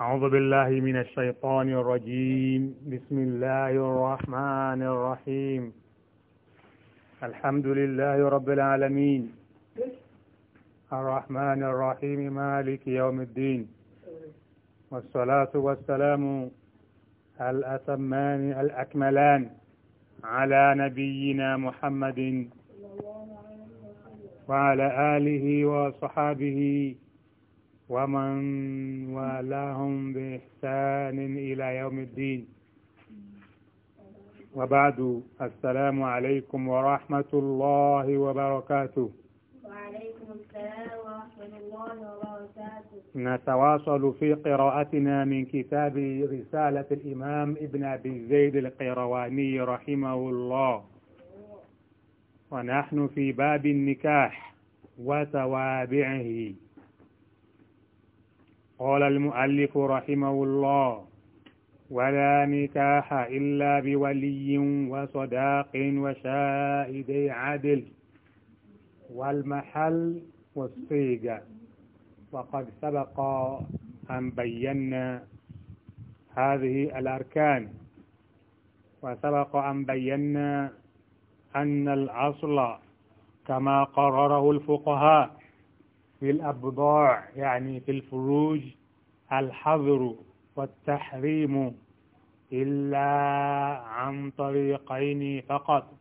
أعوذ بالله من الشيطان الرجيم بسم الله الرحمن الرحيم الحمد لله رب العالمين الرحمن الرحيم مالك يوم الدين والصلاة والسلام الأتمان الأكملان على نبينا محمد وعلى آله وصحابه ومن والاهم بإحسان إلى يوم الدين وبعد السلام عليكم ورحمة الله وبركاته وعليكم السلام ورحمة الله وبركاته نتواصل في قراءتنا من كتاب رسالة الإمام ابن أبي زيد القيرواني رحمه الله ونحن في باب النكاح وتوابعه قال المؤلف رحمه الله ولا نكاح إلا بولي وصداق وشاهد عدل والمحل والصيغة وقد سبق أن بينا هذه الأركان وسبق أن بينا أن الأصل كما قرره الفقهاء في الأبضاع يعني في الفروج الحظر والتحريم إلا عن طريقين فقط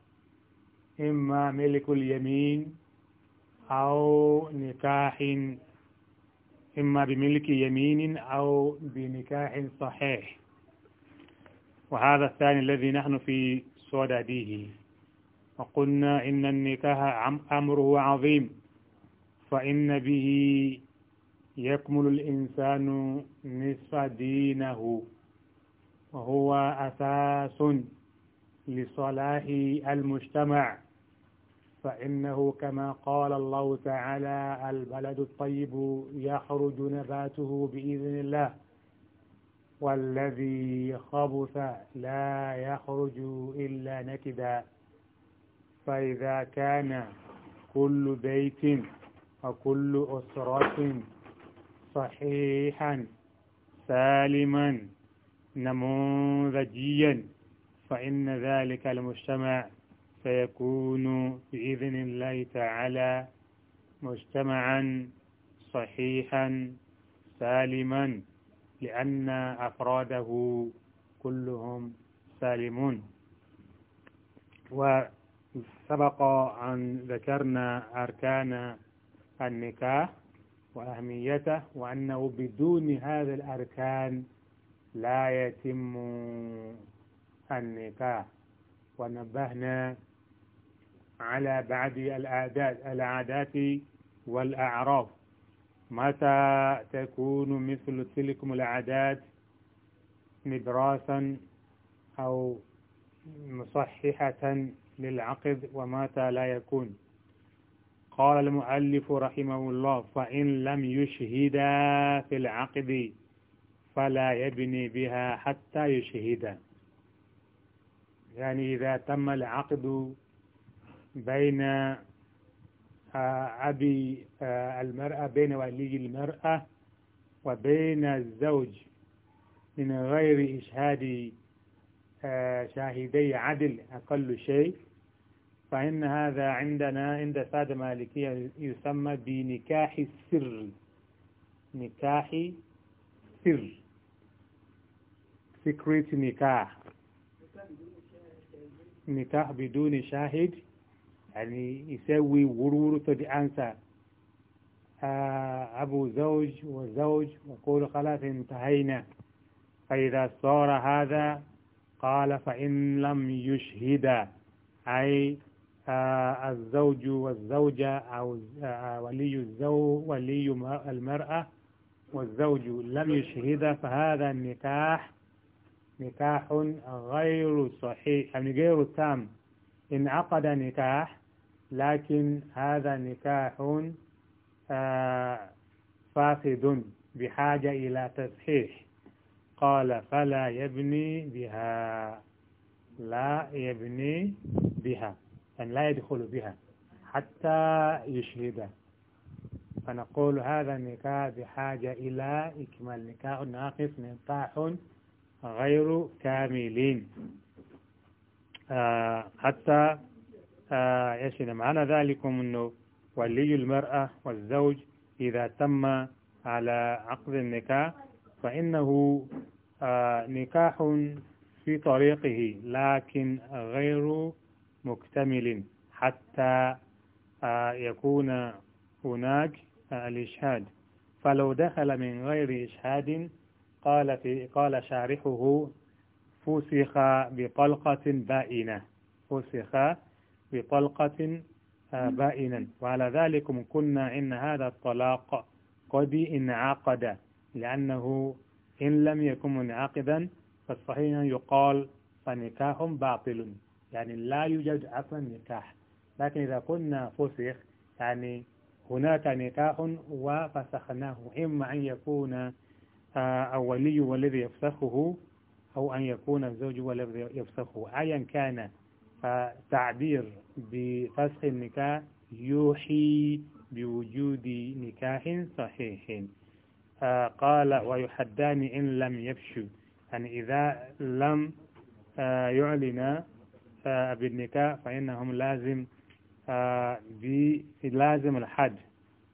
إما ملك اليمين أو نكاح إما بملك يمين أو بنكاح صحيح وهذا الثاني الذي نحن في به وقلنا إن النكاح أمره عظيم فإن به يكمل الإنسان نصف دينه وهو أساس لصلاح المجتمع فإنه كما قال الله تعالى البلد الطيب يخرج نباته بإذن الله والذي خبث لا يخرج إلا نكدا فإذا كان كل بيت وكل أسرة صحيحا سالما نموذجيا فإن ذلك المجتمع سيكون بإذن الله تعالى مجتمعا صحيحا سالما لأن أفراده كلهم سالمون وسبق أن ذكرنا أركان النكاح وأهميته وأنه بدون هذا الأركان لا يتم النكاح ونبهنا على بعض العادات, العادات والأعراف متى تكون مثل تلكم العادات مدراسا أو مصححة للعقد ومتى لا يكون قال المؤلف رحمه الله فإن لم يشهدا في العقد فلا يبني بها حتى يشهدا يعني إذا تم العقد بين آه، أبي آه، المرأة بين ولي المرأة وبين الزوج من غير إشهاد آه، شاهدي عدل أقل شيء فإن هذا عندنا عند سادة مالكية يسمى بنكاح السر نكاح سر secret نكاح نكاح بدون شاهد يعني يسوي تدي بأنسى آه، أبو زوج وزوج يقول خلاص انتهينا فإذا صار هذا قال فإن لم يشهد أي آه، الزوج والزوجة أو آه، ولي الزوج ولي المرأة والزوج لم يشهد فهذا النكاح نكاح غير صحيح يعني غير تام إن عقد نكاح لكن هذا نكاح آه، فاسد بحاجة إلى تصحيح قال فلا يبني بها لا يبني بها أن لا يدخل بها حتى يشهد فنقول هذا النكاح بحاجة إلى إكمال نكاح ناقص نكاح غير كاملين آه حتى آه يشهد معنى ذلك أنه ولي المرأة والزوج إذا تم على عقد النكاح فإنه آه نكاح في طريقه لكن غير مكتمل حتى آه، يكون هناك آه، الإشهاد فلو دخل من غير إشهاد قال, في قال شارحه فسخ بطلقة بائنة فسخ بطلقة آه، بائنا وعلى ذلك كنا إن هذا الطلاق قد انعقد لأنه إن لم يكن منعقدا فالصحيح يقال فنكاح باطل يعني لا يوجد أصلا نكاح لكن إذا قلنا فسخ يعني هناك نكاح وفسخناه إما أن يكون أولي آه، والذي يفسخه أو أن يكون الزوج هو الذي يفسخه أيا كان فتعبير بفسخ النكاح يوحي بوجود نكاح صحيح آه، قال ويحدان إن لم يفشو يعني إذا لم آه، يعلن آه، بالنكاح فإنهم لازم آه، لازم الحد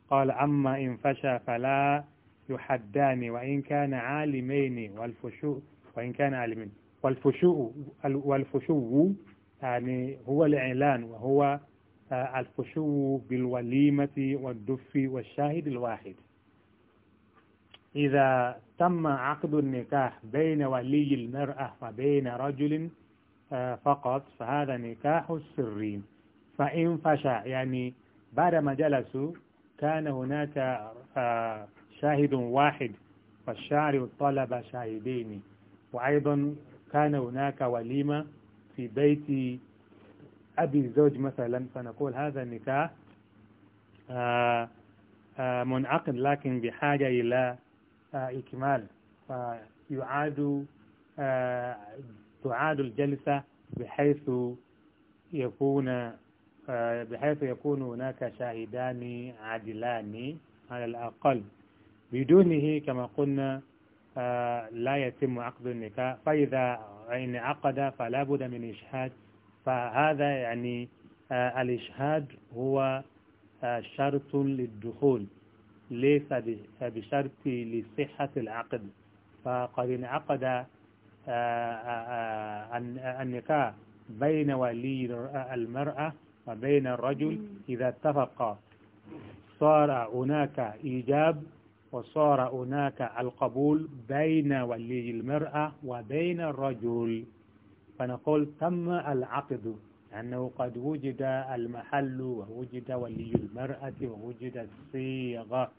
قال أما إن فشى فلا يحدان وإن كان عالمين والفشوء وإن كان عالمين والفشوء والفشو يعني هو الإعلان وهو آه، الفشو بالوليمة والدف والشاهد الواحد إذا تم عقد النكاح بين ولي المرأة وبين رجل فقط فهذا نكاح سري فإن فشى يعني بعدما جلسوا كان هناك آه، شاهد واحد فالشاعر طلب شاهدين وأيضا كان هناك وليمة في بيت أبي الزوج مثلا فنقول هذا النكاح آه، آه، منعقد لكن بحاجة إلى إكمال فيعاد تعاد الجلسة بحيث يكون آه، بحيث يكون هناك شاهدان عادلان على الأقل بدونه كما قلنا آه، لا يتم عقد النكاح فإذا إن عقد فلا بد من إشهاد فهذا يعني آه، الإشهاد هو شرط للدخول ليس بشرط لصحة العقد فقد انعقد آه، آه، آه، النقاء بين ولي المرأة وبين الرجل إذا اتفق صار هناك إيجاب وصار هناك القبول بين ولي المرأة وبين الرجل فنقول تم العقد أنه قد وجد المحل ووجد ولي المرأة ووجد الصيغة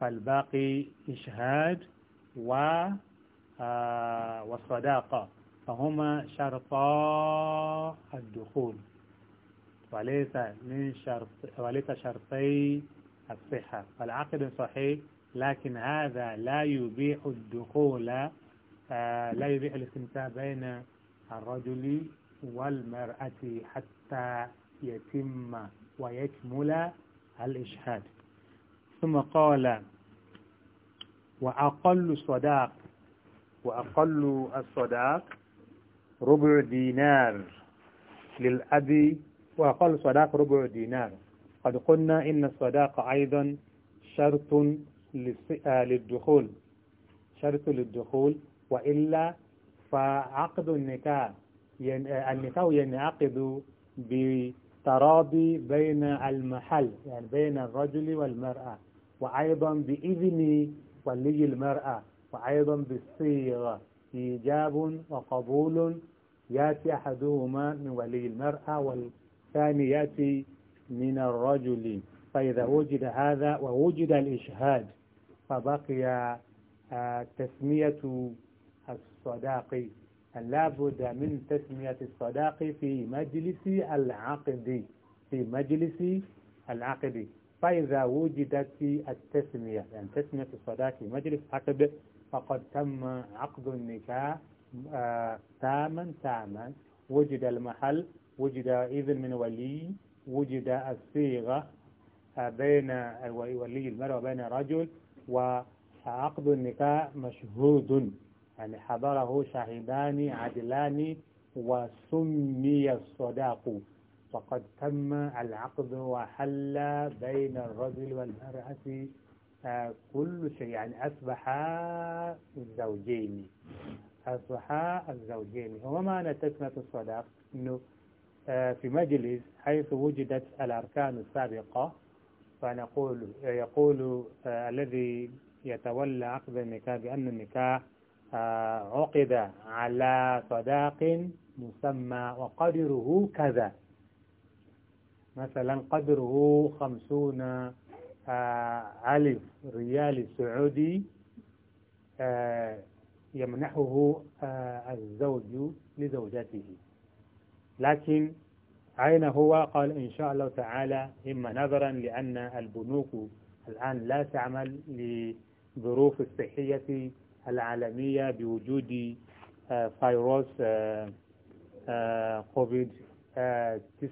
فالباقي إشهاد و آه، والصداقة فهما شرطا الدخول وليس من شرط وليس شرطي الصحة فالعقد صحيح لكن هذا لا يبيح الدخول آه، لا يبيح الاستمتاع بين الرجل والمرأة حتى يتم ويكمل الإشهاد ثم قال وأقل صداق وأقل الصداق ربع دينار للأب وأقل صداق ربع دينار قد قلنا إن الصداق أيضا شرط آه، للدخول شرط للدخول وإلا فعقد النكاح آه، النكاح ينعقد بتراضي بين المحل يعني بين الرجل والمرأة وأيضا بإذن ولي المرأة وأيضا بالصيغة إيجاب وقبول يأتي أحدهما من ولي المرأة والثاني يأتي من الرجل فإذا وجد هذا ووجد الإشهاد فبقي آه، تسمية الصداق لا بد من تسمية الصداق في مجلس العقد في مجلس العقد فإذا وجدت التسمية يعني تسمية الصداق في مجلس عقد فقد تم عقد النكاح آه، تاما تاما وجد المحل وجد إذن من ولي وجد الصيغة آه، بين ولي المرأة وبين رجل وعقد النكاح مشهود يعني حضره شاهدان عدلان وسمي الصداق فقد تم العقد وحل بين الرجل والمرأة كل شيء يعني أصبح الزوجين أصبح الزوجين ومعنى تسمية الصداق أنه آه، في مجلس حيث وجدت الأركان السابقة فنقول يقول آه، الذي يتولى عقد النكاح بأن النكاح آه، عقد على صداق مسمى وقدره كذا مثلا قدره خمسون ألف ريال سعودي آه، يمنحه آه، الزوج لزوجته لكن أين هو قال إن شاء الله تعالى إما نظرا لأن البنوك الآن لا تعمل لظروف الصحية العالمية بوجود آه، فيروس كوفيد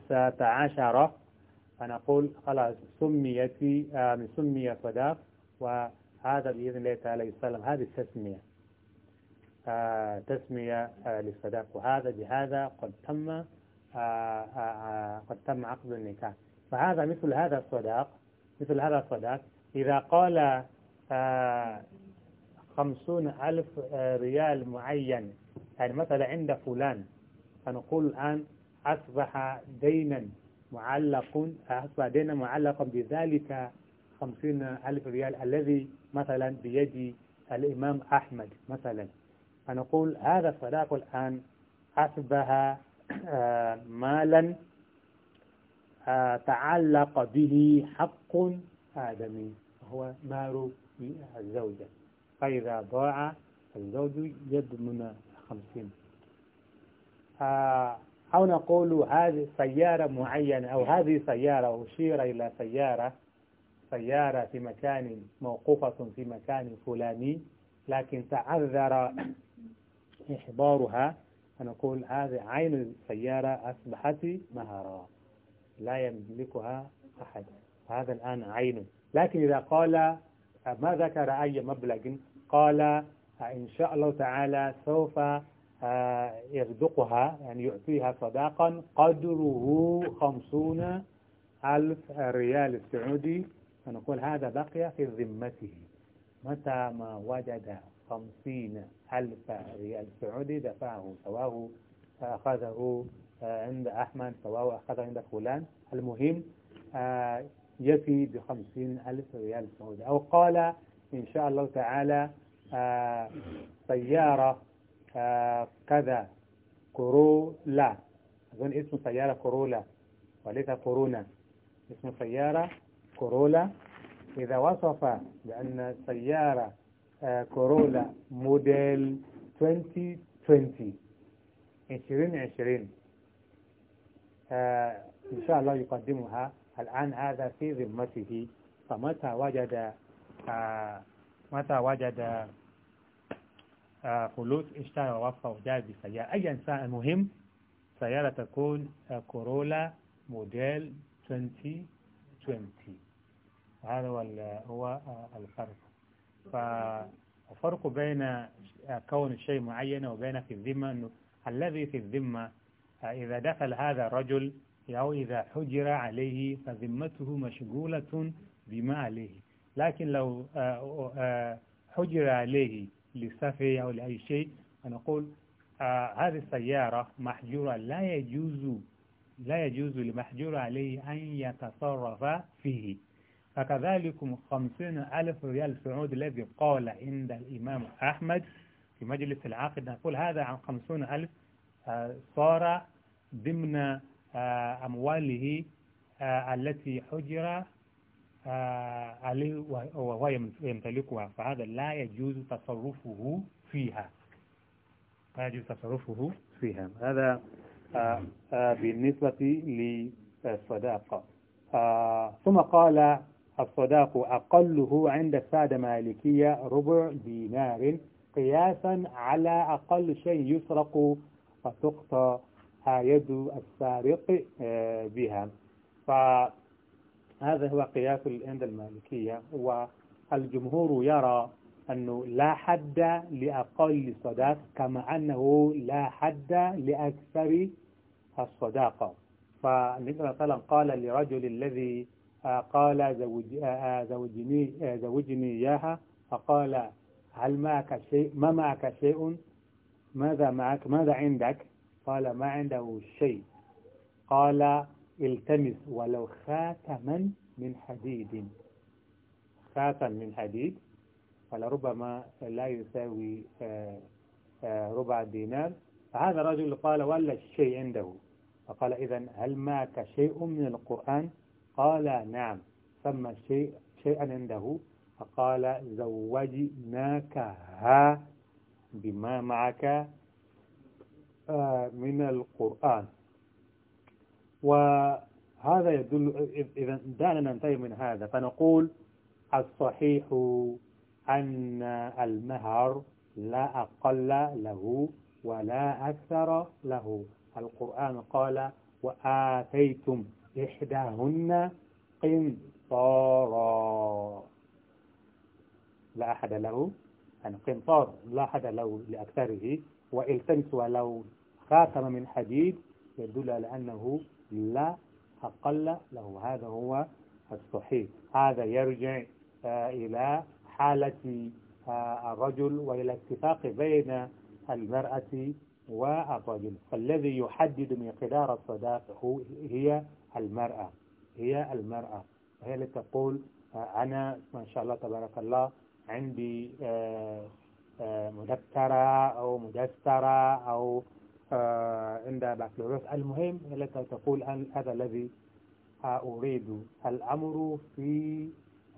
19 فنقول خلاص سميت آه، سمي صداق وهذا بإذن الله تعالى يسلم هذه التسمية آه، تسمية آه، للصداق وهذا بهذا قد تم قد تم عقد النكاح فهذا مثل هذا الصداق مثل هذا الصداق إذا قال خمسون ألف ريال معين يعني مثلا عند فلان فنقول الآن أصبح دينا معلق بعدين معلق بذلك خمسين ألف ريال الذي مثلا بيد الإمام أحمد مثلا فنقول هذا الصداق الآن أصبح آه، مالا آه، تعلق به حق آدمي وهو مال الزوجة فإذا ضاع الزوج يضمن خمسين آه، أو نقول هذه سيارة معينة أو هذه سيارة أشير إلى سيارة سيارة في مكان موقوفة في مكان فلاني لكن تعذر إحضارها فنقول هذه عين السيارة أصبحت مهرة لا يملكها أحد هذا الآن عين لكن إذا قال ما ذكر أي مبلغ قال إن شاء الله تعالى سوف آه، يصدقها يعني يعطيها صداقا قدره خمسون ألف ريال سعودي فنقول هذا بقي في ذمته متى ما وجد خمسين ألف ريال سعودي دفعه سواه أخذه آه، عند أحمد سواه أخذه عند فلان المهم آه، يفي بخمسين ألف ريال سعودي أو قال إن شاء الله تعالى سيارة كذا كورولا أظن اسم سيارة كورولا وليس كورونا اسم سيارة كورولا إذا وصف بأن سيارة آه، كورولا موديل 2020 2020 آه، إن شاء الله يقدمها الآن هذا في ذمته فمتى وجد آه، متى وجد فلوس اشترى ووفى وجاء بسيارة أي إنسان مهم سيارة تكون كورولا موديل 2020 هذا هو الفرق فالفرق بين كون شيء معين وبين في الذمة أنه الذي في الذمة إذا دخل هذا الرجل أو إذا حجر عليه فذمته مشغولة بما عليه لكن لو آه، آه، حجر عليه للسفر أو لأي شيء ونقول آه هذه السيارة محجورة لا يجوز لا يجوز لمحجور عليه أن يتصرف فيه فكذلك خمسين ألف ريال سعود الذي قال عند الإمام أحمد في مجلس العقد نقول هذا عن خمسون ألف آه صار ضمن آه أمواله آه، التي حجر آه، عليه وهو يمتلكها فهذا لا يجوز تصرفه فيها لا يجوز تصرفه فيها هذا آه، آه، بالنسبة للصداقة ثم قال الصداق أقله عند السادة مالكية ربع دينار قياسا على أقل شيء يسرق فتقطع يد السارق بها ف هذا هو قياس عند المالكية والجمهور يرى أنه لا حد لأقل الصداق كما أنه لا حد لأكثر الصداقة فالنبي صلى الله عليه وسلم قال لرجل الذي آه، قال زوج آه، آه، زوجني زوجني إياها فقال هل معك شيء ما معك شيء ماذا معك ماذا عندك قال ما عنده شيء قال التمس ولو خاتما من حديد خاتم من حديد فلربما لا يساوي آه، آه، ربع دينار فهذا الرجل قال ولا الشيء عنده فقال إذا هل معك شيء من القرآن قال نعم ثم شيء شيئا عنده فقال زوجناكها بما معك آه، من القرآن وهذا يدل إذا دعنا ننتهي من هذا فنقول الصحيح أن المهر لا أقل له ولا أكثر له القرآن قال وآتيتم إحداهن قنطارا لا أحد له يعني قنطار لا أحد له لأكثره وإلتمس ولو خاتم من حديد يدل على أنه لا أقل له هذا هو الصحيح هذا يرجع آه، إلى حالة آه، الرجل وإلى اتفاق بين المرأة والرجل فالذي يحدد مقدار الصداق هي المرأة هي المرأة هي اللي تقول آه، أنا ما شاء الله تبارك الله عندي مدكرة أو مدسترة أو آه، عند بكالوريوس المهم لك تقول أن هذا الذي أريد الأمر في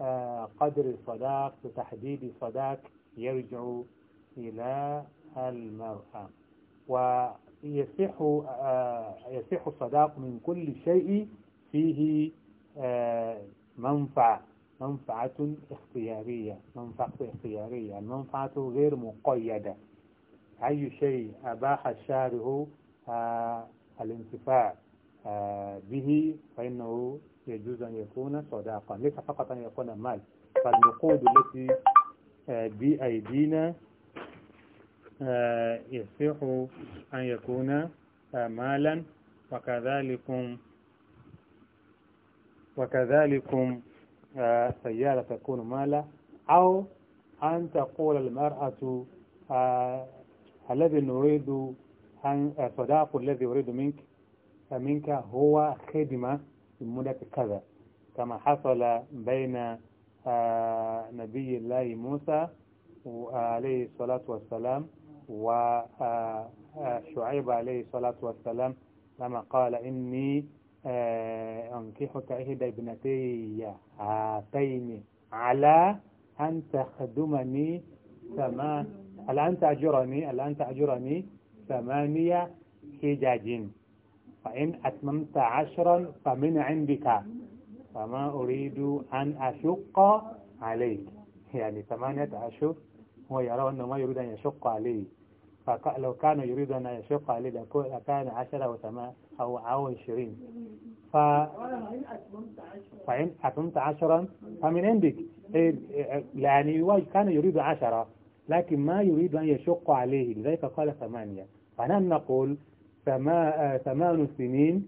آه، قدر الصداق وتحديد الصداق يرجع إلى المرأة ويصح آه، يصح الصداق من كل شيء فيه منفعة منفعة اختيارية منفعة اختيارية المنفعة غير مقيدة أي شيء أباح الشارع آه، الانتفاع آه، به فإنه يجوز أن يكون صداقا ليس فقط أن يكون مال فالنقود التي آه، بأيدينا يصح أن يكون مالا وكذلك وكذلك سيارة تكون مالا أو أن تقول المرأة الذي نريد صداق الذي يريد منك منك هو خدمة لمدة كذا كما حصل بين آه، نبي الله موسى عليه الصلاة والسلام وشعيب آه، آه، عليه الصلاة والسلام لما قال إني أنكحك إحدى ابنتي هاتين على أن تخدمني ثمان الآن تأجرني الآن تأجرني ثمانية حجاج فإن أتممت عشرا فمن عندك فما أريد أن أشق عليك يعني ثمانية أشهر هو يرى أنه ما يريد أن يشق عليه فلو كان يريد أن يشق عليه لكان عشرة أو ثمان أو أو عشرين ف... فإن أتممت عشرا فمن عندك إيه، إيه، يعني كان يريد عشرة لكن ما يريد أن يشق عليه لذلك قال ثمانية فنحن نقول ثمان سنين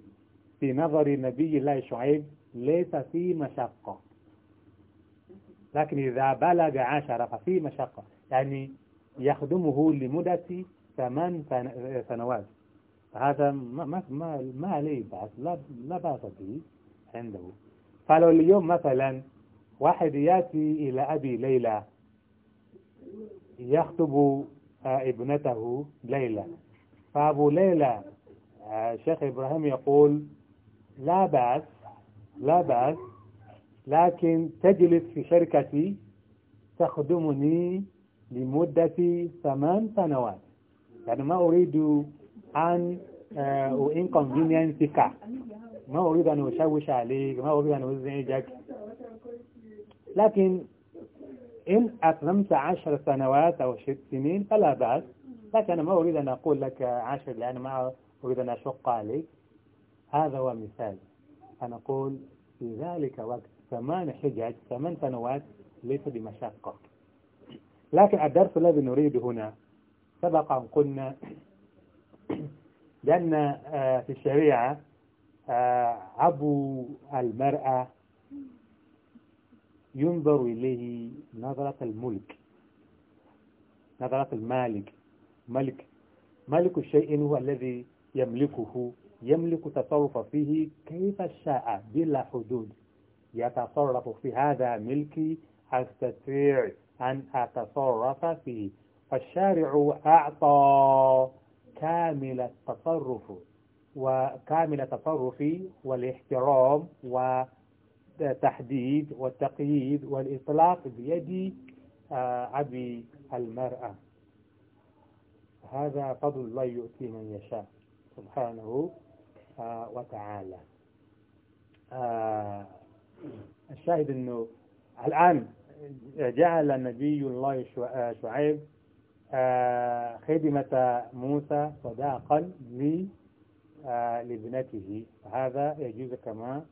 في نظر نبي الله شعيب ليس في مشقة لكن إذا بلغ عشرة ففي مشقة يعني يخدمه لمدة ثمان سنوات هذا ما ما ما, عليه بأس لا لا بأس به عنده فلو اليوم مثلا واحد يأتي إلى أبي ليلى يخطب آه، ابنته ليلى فأبو ليلى الشيخ آه، إبراهيم يقول لا بأس لا بأس لكن تجلس في شركتي تخدمني لمدة ثمان سنوات يعني ما أريد أن آه، وإنكونفينينسك ما أريد أن أشوش عليك ما أريد أن أزعجك لكن إن أتممت عشر سنوات أو ست سنين فلا بأس لكن أنا ما أريد أن أقول لك عشر لأن ما أريد أن أشق عليك هذا هو مثال أنا أقول في ذلك وقت ثمان حجج ثمان سنوات ليس بمشقة لكن الدرس الذي نريد هنا سبق أن قلنا لأن آه، في الشريعة آه، أبو المرأة ينظر إليه نظرة الملك نظرة المالك ملك ملك الشيء هو الذي يملكه يملك تصرف فيه كيف شاء بلا حدود يتصرف في هذا ملكي أستطيع أن أتصرف فيه فالشارع أعطى كامل التصرف وكامل التصرف والاحترام و التحديد والتقييد والإطلاق بيد أبي آه، المرأة هذا فضل الله يؤتي من يشاء سبحانه آه، وتعالى آه، الشاهد أنه الآن جعل نبي الله شعيب خدمة موسى صداقا لابنته هذا يجوز كما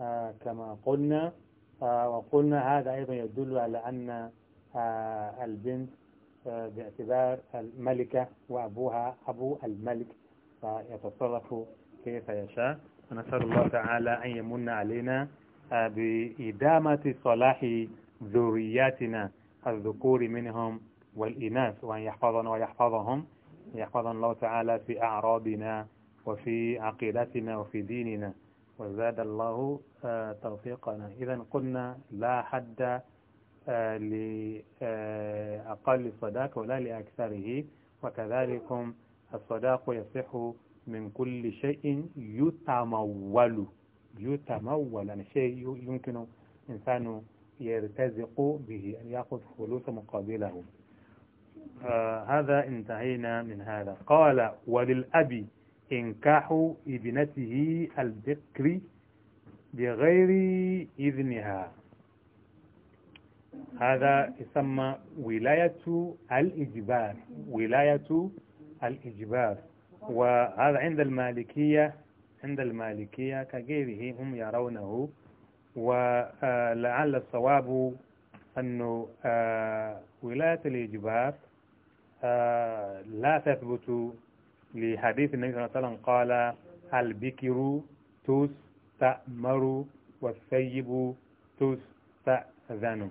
آه، كما قلنا آه، وقلنا هذا أيضا يدل على أن آه، البنت باعتبار الملكة وأبوها أبو الملك فيتصرف كيف يشاء ونسأل الله تعالى أن يمن علينا بإدامة صلاح ذرياتنا الذكور منهم والإناث وأن يحفظنا ويحفظهم يحفظنا الله تعالى في أعراضنا وفي عقيدتنا وفي ديننا وزاد الله آه، توفيقنا إذا قلنا لا حد آه، لأقل آه، الصداق ولا لأكثره وكذلك الصداق يصح من كل شيء يتمول يتمول يعني شيء يمكن إنسان يرتزق به أن يأخذ فلوس مقابله آه هذا انتهينا من هذا قال وللأبي إنكاح ابنته البكر بغير إذنها هذا يسمى ولاية الإجبار ولاية الإجبار وهذا عند المالكية عند المالكية كغيره هم يرونه ولعل الصواب أن آه، ولاية الإجبار آه، لا تثبت لحديث النبي صلى الله عليه وسلم قال البكر تستأمر والثيب تستأذن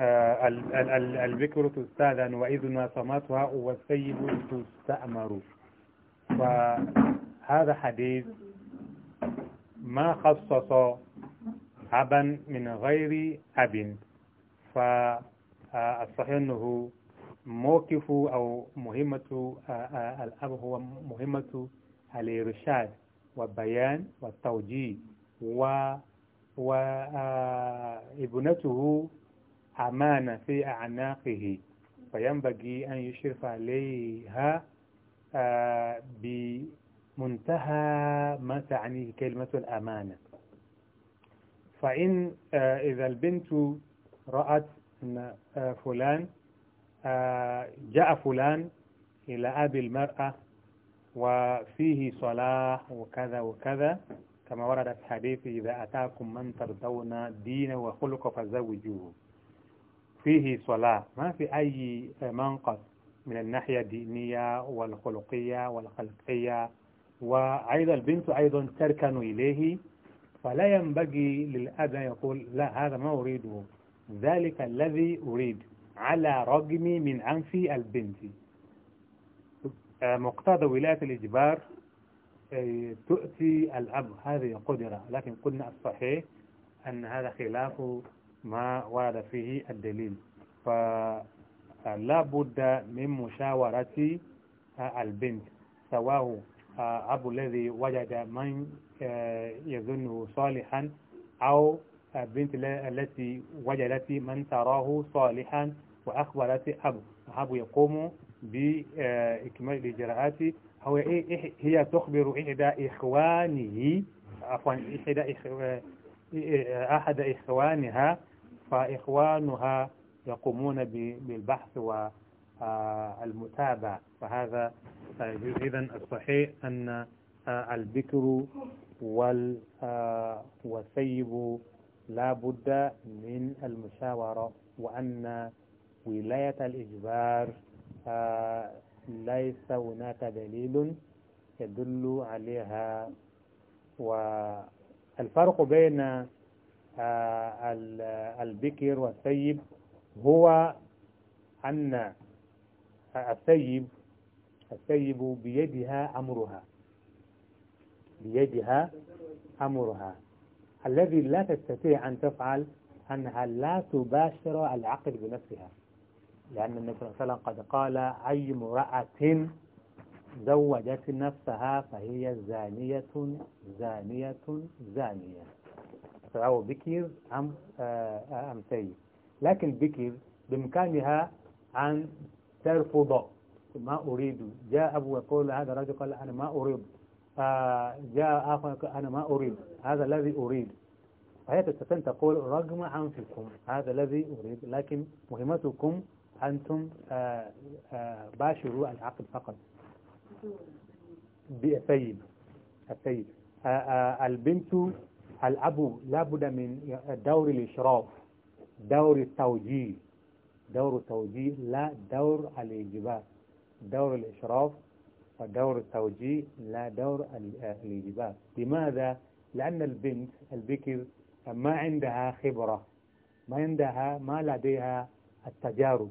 آه، البكر تستأذن وإذن صمتها والثيب تستأمر فهذا حديث ما خصص أبا من غير أب فالصحيح أنه موقف أو مهمة آه، آه، الأب هو مهمة الإرشاد والبيان والتوجيه و وابنته آه، أمانة في أعناقه فينبغي أن يشرف عليها بمنتهى ما تعنيه كلمة الأمانة فإن إذا البنت رأت أن فلان آه، جاء فلان إلى أبي المرأة وفيه صلاة وكذا وكذا كما ورد في حديث إذا أتاكم من ترضون دينه وخلقه فزوجوه فيه صلاة ما في أي منقص من الناحية الدينية والخلقية والخلقية وأيضا البنت أيضا تركن إليه فلا ينبغي للأب يقول لا هذا ما أريده ذلك الذي أريد على رجم من أنف البنت آه، مقتضى ولاية الإجبار آه، تؤتي الأب هذه قدرة لكن قلنا الصحيح أن هذا خلاف ما ورد فيه الدليل فلا آه، بد من مشاورة البنت سواء أب الذي وجد من يظنه صالحا أو البنت التي وجدت من تراه صالحا وأخبرت أبو أبو يقوم بإكمال الإجراءات هو إيه, إيه، هي تخبر إحدى إخوانه عفوا إحدى إيه، أحد إخوانها فإخوانها يقومون بالبحث والمتابعة فهذا إذا الصحيح أن البكر وال والسيب لا بد من المشاورة وأن ولاية الإجبار آه، ليس هناك دليل يدل عليها والفرق بين آه، البكر والثيب هو أن آه، الثيب الثيب بيدها أمرها بيدها أمرها الذي لا تستطيع أن تفعل أنها لا تباشر العقد بنفسها لأن النبي صلى الله عليه وسلم قد قال أي امرأة زوجت نفسها فهي زانية زانية زانية سواء بكر أم آه، أم سيد لكن بكر بإمكانها أن ترفض ما أريد جاء أبو يقول هذا الرجل قال أنا ما أريد آه، جاء آخر قال أنا ما أريد هذا الذي أريد فهي تستطيع تقول رغم أنفسكم هذا الذي أريد لكن مهمتكم أنتم آه، آه، باشروا العقد فقط بأسيد السيد آه، البنت الأب لابد من دور الإشراف دور التوجيه دور التوجيه لا دور الإجبار دور الإشراف ودور التوجيه لا دور الإجبار لماذا؟ لأن البنت البكر ما عندها خبرة ما عندها ما لديها التجارب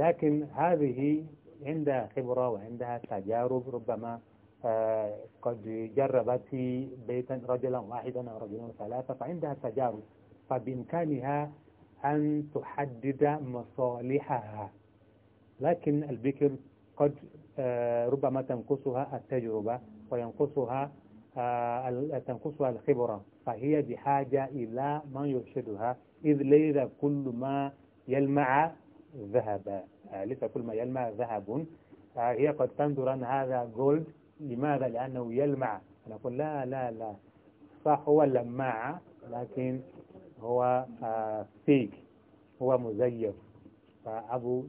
لكن هذه عندها خبرة وعندها تجارب ربما آه، قد جربت في بيتا رجلا واحدا أو رجلين ثلاثة فعندها تجارب فبإمكانها أن تحدد مصالحها لكن البكر قد آه، ربما تنقصها التجربة وينقصها آه، تنقصها الخبرة فهي بحاجة إلى من يرشدها إذ ليس كل ما يلمع ذهب آه، ليس كل ما يلمع ذهب آه، هي قد تنظر أن هذا جولد لماذا لأنه يلمع نقول لا لا لا صح هو لماع لكن هو فيك آه، هو مزيف فأبو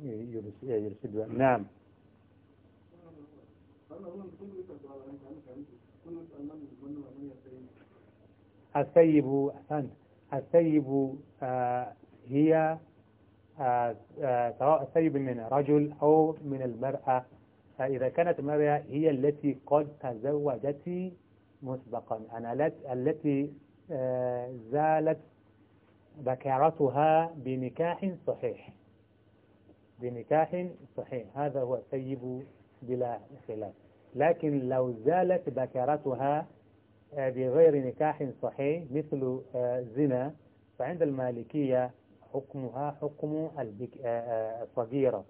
يرشد نعم السيب أحسنت الثيب هي آه، آه، سواء سيب من رجل أو من المرأة فإذا كانت المرأة هي التي قد تزوجت مسبقا أنا التي آه، زالت بكارتها بنكاح صحيح بنكاح صحيح هذا هو السيب بلا خلاف لكن لو زالت بكارتها بغير نكاح صحيح مثل زنا فعند المالكية حكمها حكم آه، آه، الصغيرة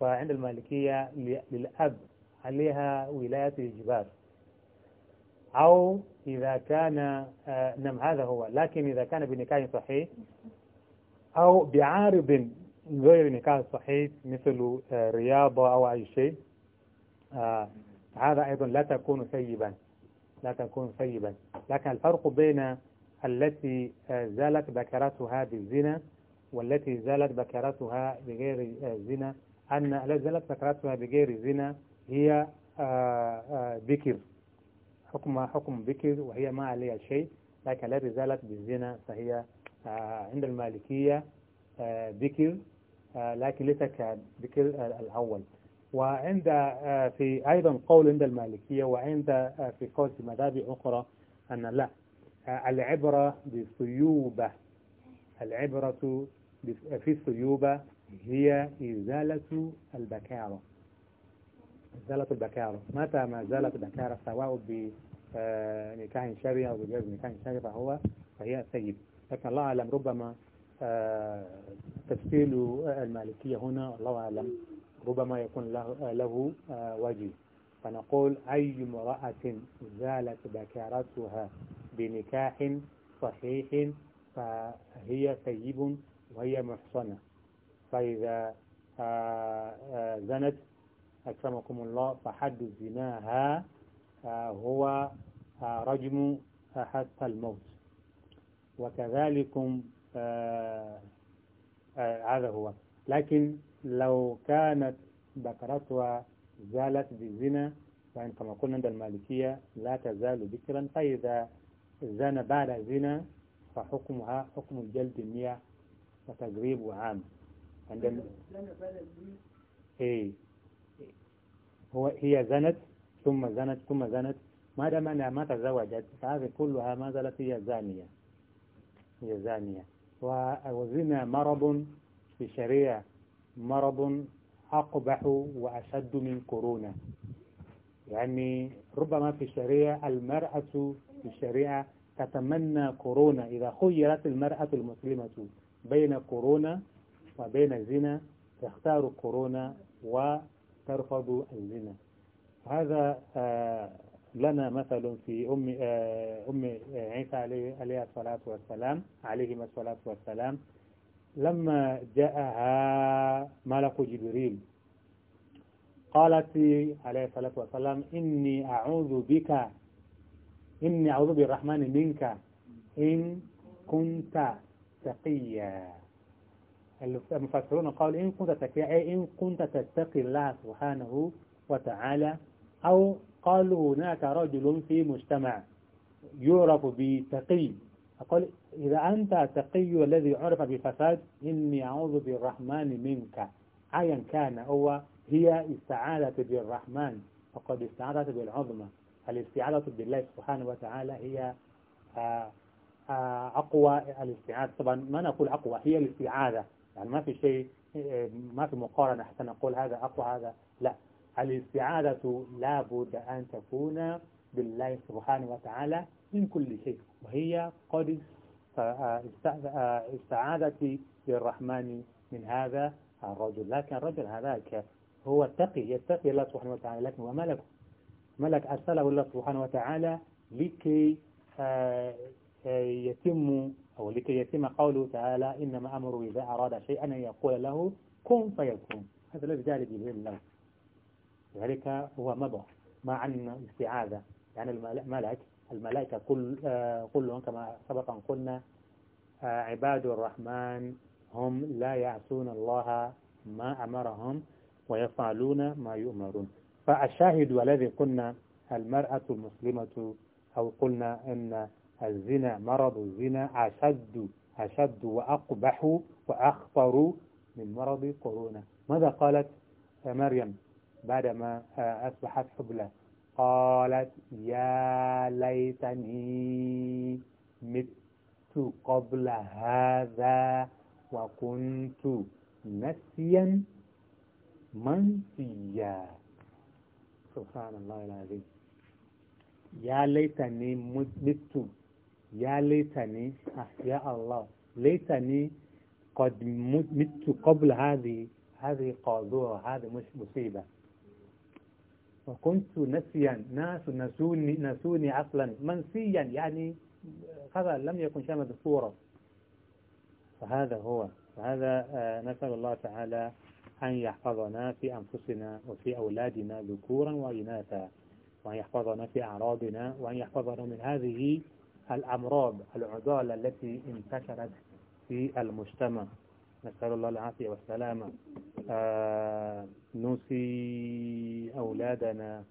فعند المالكية للأب عليها ولاية الإجبار أو إذا كان آه، نعم هذا هو لكن إذا كان بنكاح صحيح أو بعارض غير نكاح صحيح مثل رياضة أو أي شيء هذا أيضا لا تكون سيبا لا تكون سيبا لكن الفرق بين التي زالت بكرتها بالزنا والتي زالت بكرتها بغير زنا أن التي زالت بكرتها بغير زنا هي آه، آه، بكر حكم حكم بكر وهي ما عليها شيء لكن التي زالت بالزنا فهي آه، عند المالكية بكر لكن ليس كبكر الأول وعند في أيضا قول عند المالكية وعند في قول في مذاهب أخرى أن لا العبرة بالصيوبة العبرة في الصيوبة هي إزالة البكارة إزالة البكارة متى ما زالت البكارة سواء بنكاح آه، شرعي أو بجواز نكاح شرعي فهو فهي سيب لكن الله أعلم ربما آه، تفصيل المالكية هنا الله أعلم ربما يكون له, له آه، وجه فنقول أي امرأة زالت بكارتها بنكاح صحيح فهي طيب وهي محصنة فإذا آه، آه، زنت أكرمكم الله فحد زناها آه، هو رجم حتى الموت وكذلكم هذا هو لكن لو كانت بكرتها زالت بالزنا فإن كما قلنا عند المالكية لا تزال بكرا فإذا زنا بعد زنا فحكمها حكم الجلد المياه وتقريب عام عند إيه هو هي زنت ثم زنت ثم زنت ما دام أنها ما تزوجت فهذه كلها ما زالت هي زانية هي زانية وزنا مرض في الشريعة مرض أقبح وأشد من كورونا يعني ربما في الشريعة المرأة في الشريعة تتمنى كورونا إذا خيرت المرأة المسلمة بين كورونا وبين الزنا تختار كورونا وترفض الزنا هذا آه، لنا مثل في أم آه، أم عيسى عليه عليه الصلاة والسلام عليهما الصلاة والسلام لما جاءها ملك جبريل قالت عليه الصلاة والسلام إني أعوذ بك إني أعوذ بالرحمن منك إن كنت تقيا المفسرون قالوا إن كنت تقيا أي إن كنت تتقي الله سبحانه وتعالى أو قالوا هناك رجل في مجتمع يعرف بتقي أقول إذا أنت تقي الذي عرف بفساد إني أعوذ بالرحمن منك أيا كان هو هي استعاذة بالرحمن فقد استعاذت بالعظمى الاستعاذة بالله سبحانه وتعالى هي آه، آه، أقوى الاستعاذة طبعا ما نقول أقوى هي الاستعاذة يعني ما في شيء آه، ما في مقارنة حتى نقول هذا أقوى هذا لا الاستعاذة لابد أن تكون بالله سبحانه وتعالى من كل شيء وهي قد استعاذتي بالرحمن من هذا الرجل لكن الرجل هذاك هو التقي يتقي الله سبحانه وتعالى لكن وما لكم ملك أرسله الله سبحانه وتعالى لكي آه، آه، يتم أو لكي يتم قوله تعالى إنما أمر إذا أراد شيئا أن يقول له كن فيكون هذا الذي جعل به الله ذلك هو مضى مع الاستعاذة يعني الملك الملائكة كل آه، كلهم كما سبق أن قلنا عباد الرحمن هم لا يعصون الله ما أمرهم ويفعلون ما يؤمرون فالشاهد والذي قلنا المرأة المسلمة أو قلنا أن الزنا مرض الزنا أشد أشد وأقبح وأخطر من مرض كورونا ماذا قالت مريم بعدما أصبحت حبلى قالت يا ليتني مت قبل هذا وكنت نسيا منسيا سبحان الله العظيم يا ليتني مت يا ليتني يا الله ليتني قد مت قبل هذه هذه قاذورة هذه مش مصيبة وكنت نسيا ناس نسوني نسوني عقلا منسيا يعني هذا لم يكن شيئا مذكورا فهذا هو فهذا نسأل الله تعالى أن يحفظنا في أنفسنا وفي أولادنا ذكورا وإناثا وأن يحفظنا في أعراضنا وأن يحفظنا من هذه الأمراض العضالة التي انتشرت في المجتمع نسأل الله العافية والسلامة آه نوصي أولادنا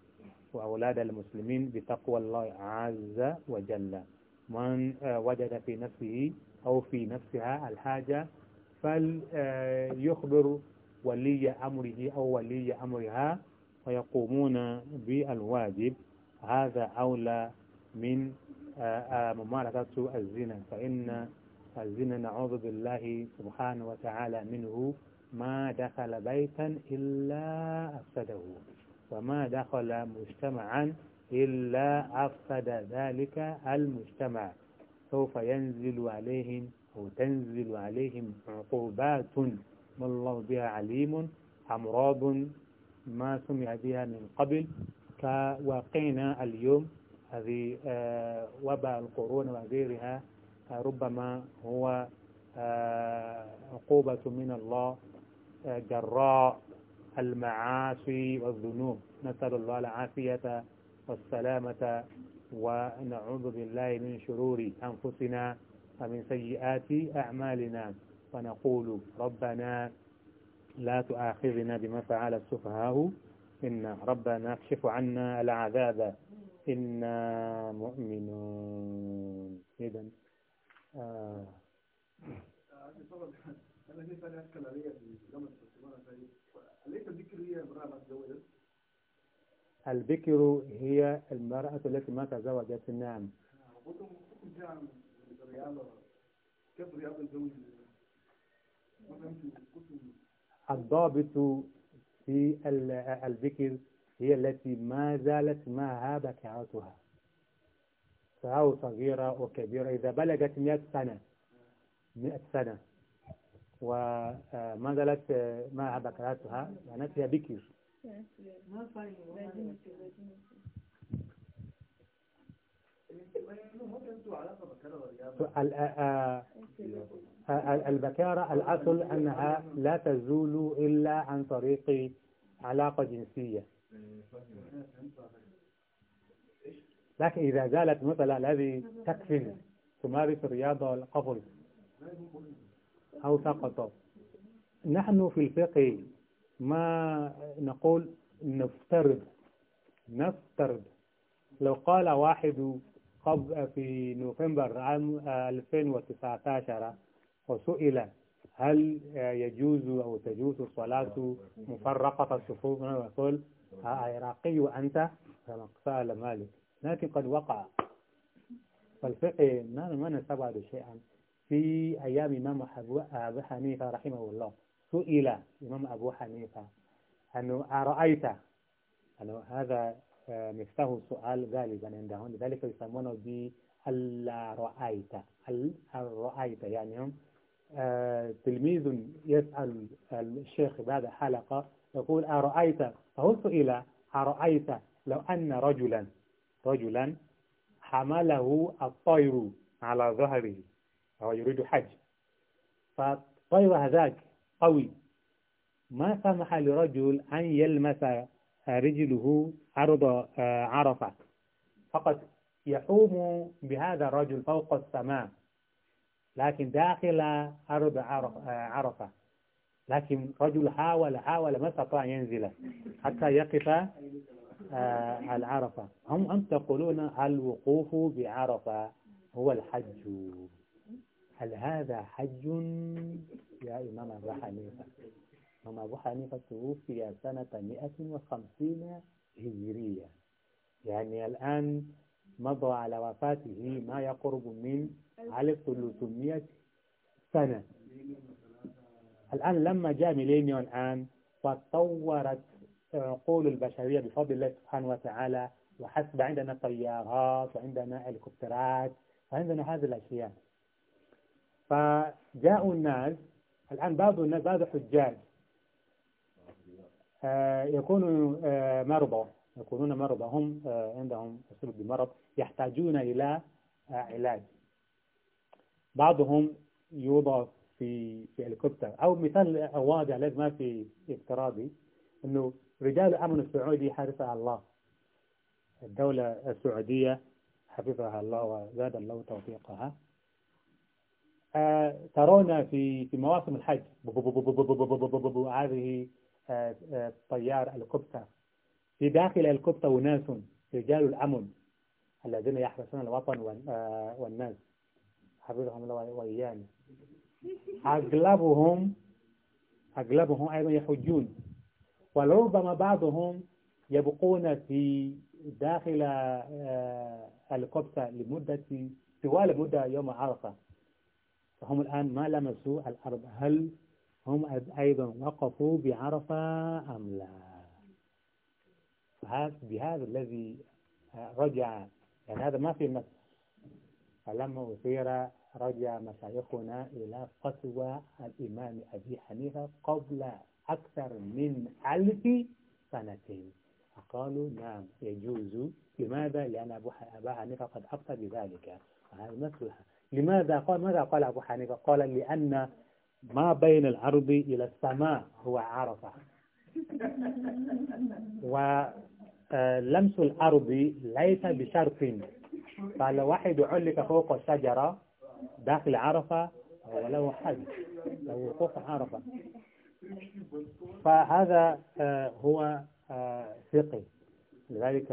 وأولاد المسلمين بتقوى الله عز وجل من آه وجد في نفسه أو في نفسها الحاجة فليخبر آه، ولي أمره أو ولي أمرها ويقومون بالواجب هذا أولى من آه، آه، ممارسة الزنا فإن الزنا نعوذ بالله سبحانه وتعالى منه ما دخل بيتا إلا أفسده وما دخل مجتمعا إلا أفسد ذلك المجتمع سوف ينزل عليهم أو تنزل عليهم عقوبات ما الله بها عليم أمراض ما سمع بها من قبل كواقعنا اليوم هذه آه، وباء القرون وغيرها آه، ربما هو آه، عقوبة من الله جراء المعاصي والذنوب نسأل الله العافية والسلامة ونعوذ بالله من شرور أنفسنا ومن سيئات أعمالنا فنقول ربنا لا تؤاخذنا بما فعل السفهاء إن ربنا اكشف عنا العذاب إنا مؤمنون إذا آه. البكر هي المرأة التي ما تزوجت نعم آه، كيف رياض الزوج الضابط في الذكر هي التي ما زالت معها بكعتها سواء صغيرة وكبيرة إذا بلغت مئة سنة مئة سنة وما آه، زالت آه، معها بكعتها معناتها بكر البكارة الأصل أنها لا تزول إلا عن طريق علاقة جنسية لكن إذا زالت مثلا الذي تكفن تمارس الرياضة القفل أو سقط نحن في الفقه ما نقول نفترض نفترض لو قال واحد قبل في نوفمبر عام 2019 وسئل هل يجوز أو تجوز الصلاة مفرقة الصفوف نعم، يقول عراقي وأنت سأل مالك لكن قد وقع فالفقه ما نستبعد شيئا في أيام إمام أبو حنيفة رحمه الله سئل إمام أبو حنيفة أنه أرأيت أنه هذا مفتاح السؤال غالبا عندهم لذلك يسمونه ب بالرأيت رايت يعني هم آه، تلميذ يسأل الشيخ بعد الحلقة يقول أرأيت فهو سئل أرأيت لو أن رجلا رجلا حمله الطير على ظهره هو يريد حج فالطير هذاك قوي ما سمح لرجل أن يلمس رجله أرض آه، عرفة فقط يحوم بهذا الرجل فوق السماء لكن داخل أرض آه، عرفة لكن رجل حاول حاول ما استطاع ينزل حتى يقف آه، العرفة هم أم تقولون الوقوف بعرفة هو الحج هل هذا حج يا إمام أبو حنيفة إمام أبو حنيفة توفي سنة 150 هجرية يعني الآن مضى على وفاته ما يقرب من 1300 سنة الآن لما جاء ميلينيو الآن وتطورت عقول البشرية بفضل الله سبحانه وتعالى وحسب عندنا طيارات وعندنا هليكوبترات وعندنا هذه الأشياء فجاءوا الناس الآن بعض الناس بعض حجاج يكون مرضى يكونون مرضى هم عندهم أسلوب بمرض يحتاجون إلى علاج بعضهم يوضع في في هليكوبتر أو مثال واضح لازم ما في افتراضي إنه رجال الأمن السعودي حارسها الله الدولة السعودية حفظها الله وزاد الله توفيقها ترون في في مواسم الحج هذه طيار القبطة في داخل القبطة أناس رجال الأمن الذين يحرسون الوطن والناس حفظهم الله وإيانا أغلبهم أغلبهم أيضا يحجون ولربما بعضهم يبقون في داخل آه، القبطة لمدة طوال مدة يوم عرفة فهم الآن ما لمسوا الأرض هل هم أيضا وقفوا بعرفة أم لا بهذا الذي رجع يعني هذا ما في مس فلما أثير رجع مشايخنا إلى فتوى الإمام أبي حنيفة قبل أكثر من ألف سنة فقالوا نعم يجوز لماذا؟ لأن أبا حنيفة قد أفتى بذلك هذه مسألة لماذا قال ماذا قال أبو حنيفة؟ قال لأن ما بين الأرض إلى السماء هو عرفة ولمس الأرض ليس بشرط فلو واحد علق فوق الشجرة داخل عرفة وله حد له فوق عرفة فهذا آه، هو فقه آه، لذلك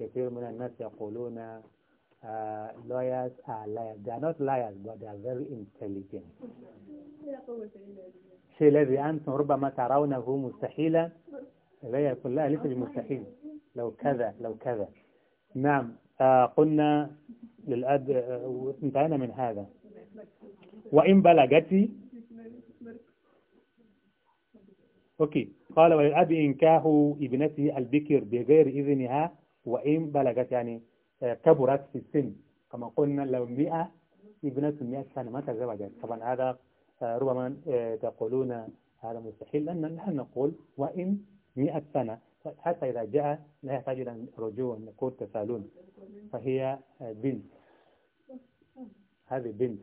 كثير من الناس يقولون uh, lawyers are liars. They are not liars, but they are very intelligent. الشيء الذي أنتم ربما ترونه مستحيلا لا يقول لا ليس بمستحيل لو كذا لو كذا نعم قلنا للأد انتهينا من هذا وإن بلغتي أوكي قال وللأب إنكاه ابنتي البكر بغير إذنها وإن بلغت يعني آه، كبرت في السن كما قلنا لو 100 ابنة 100 سنة ما تزوجت طبعا هذا آه، ربما آه، تقولون هذا مستحيل لأن نحن نقول وإن 100 سنة حتى إذا جاء لا يحتاج إلى رجوع نقول تسالون فهي بنت هذه بنت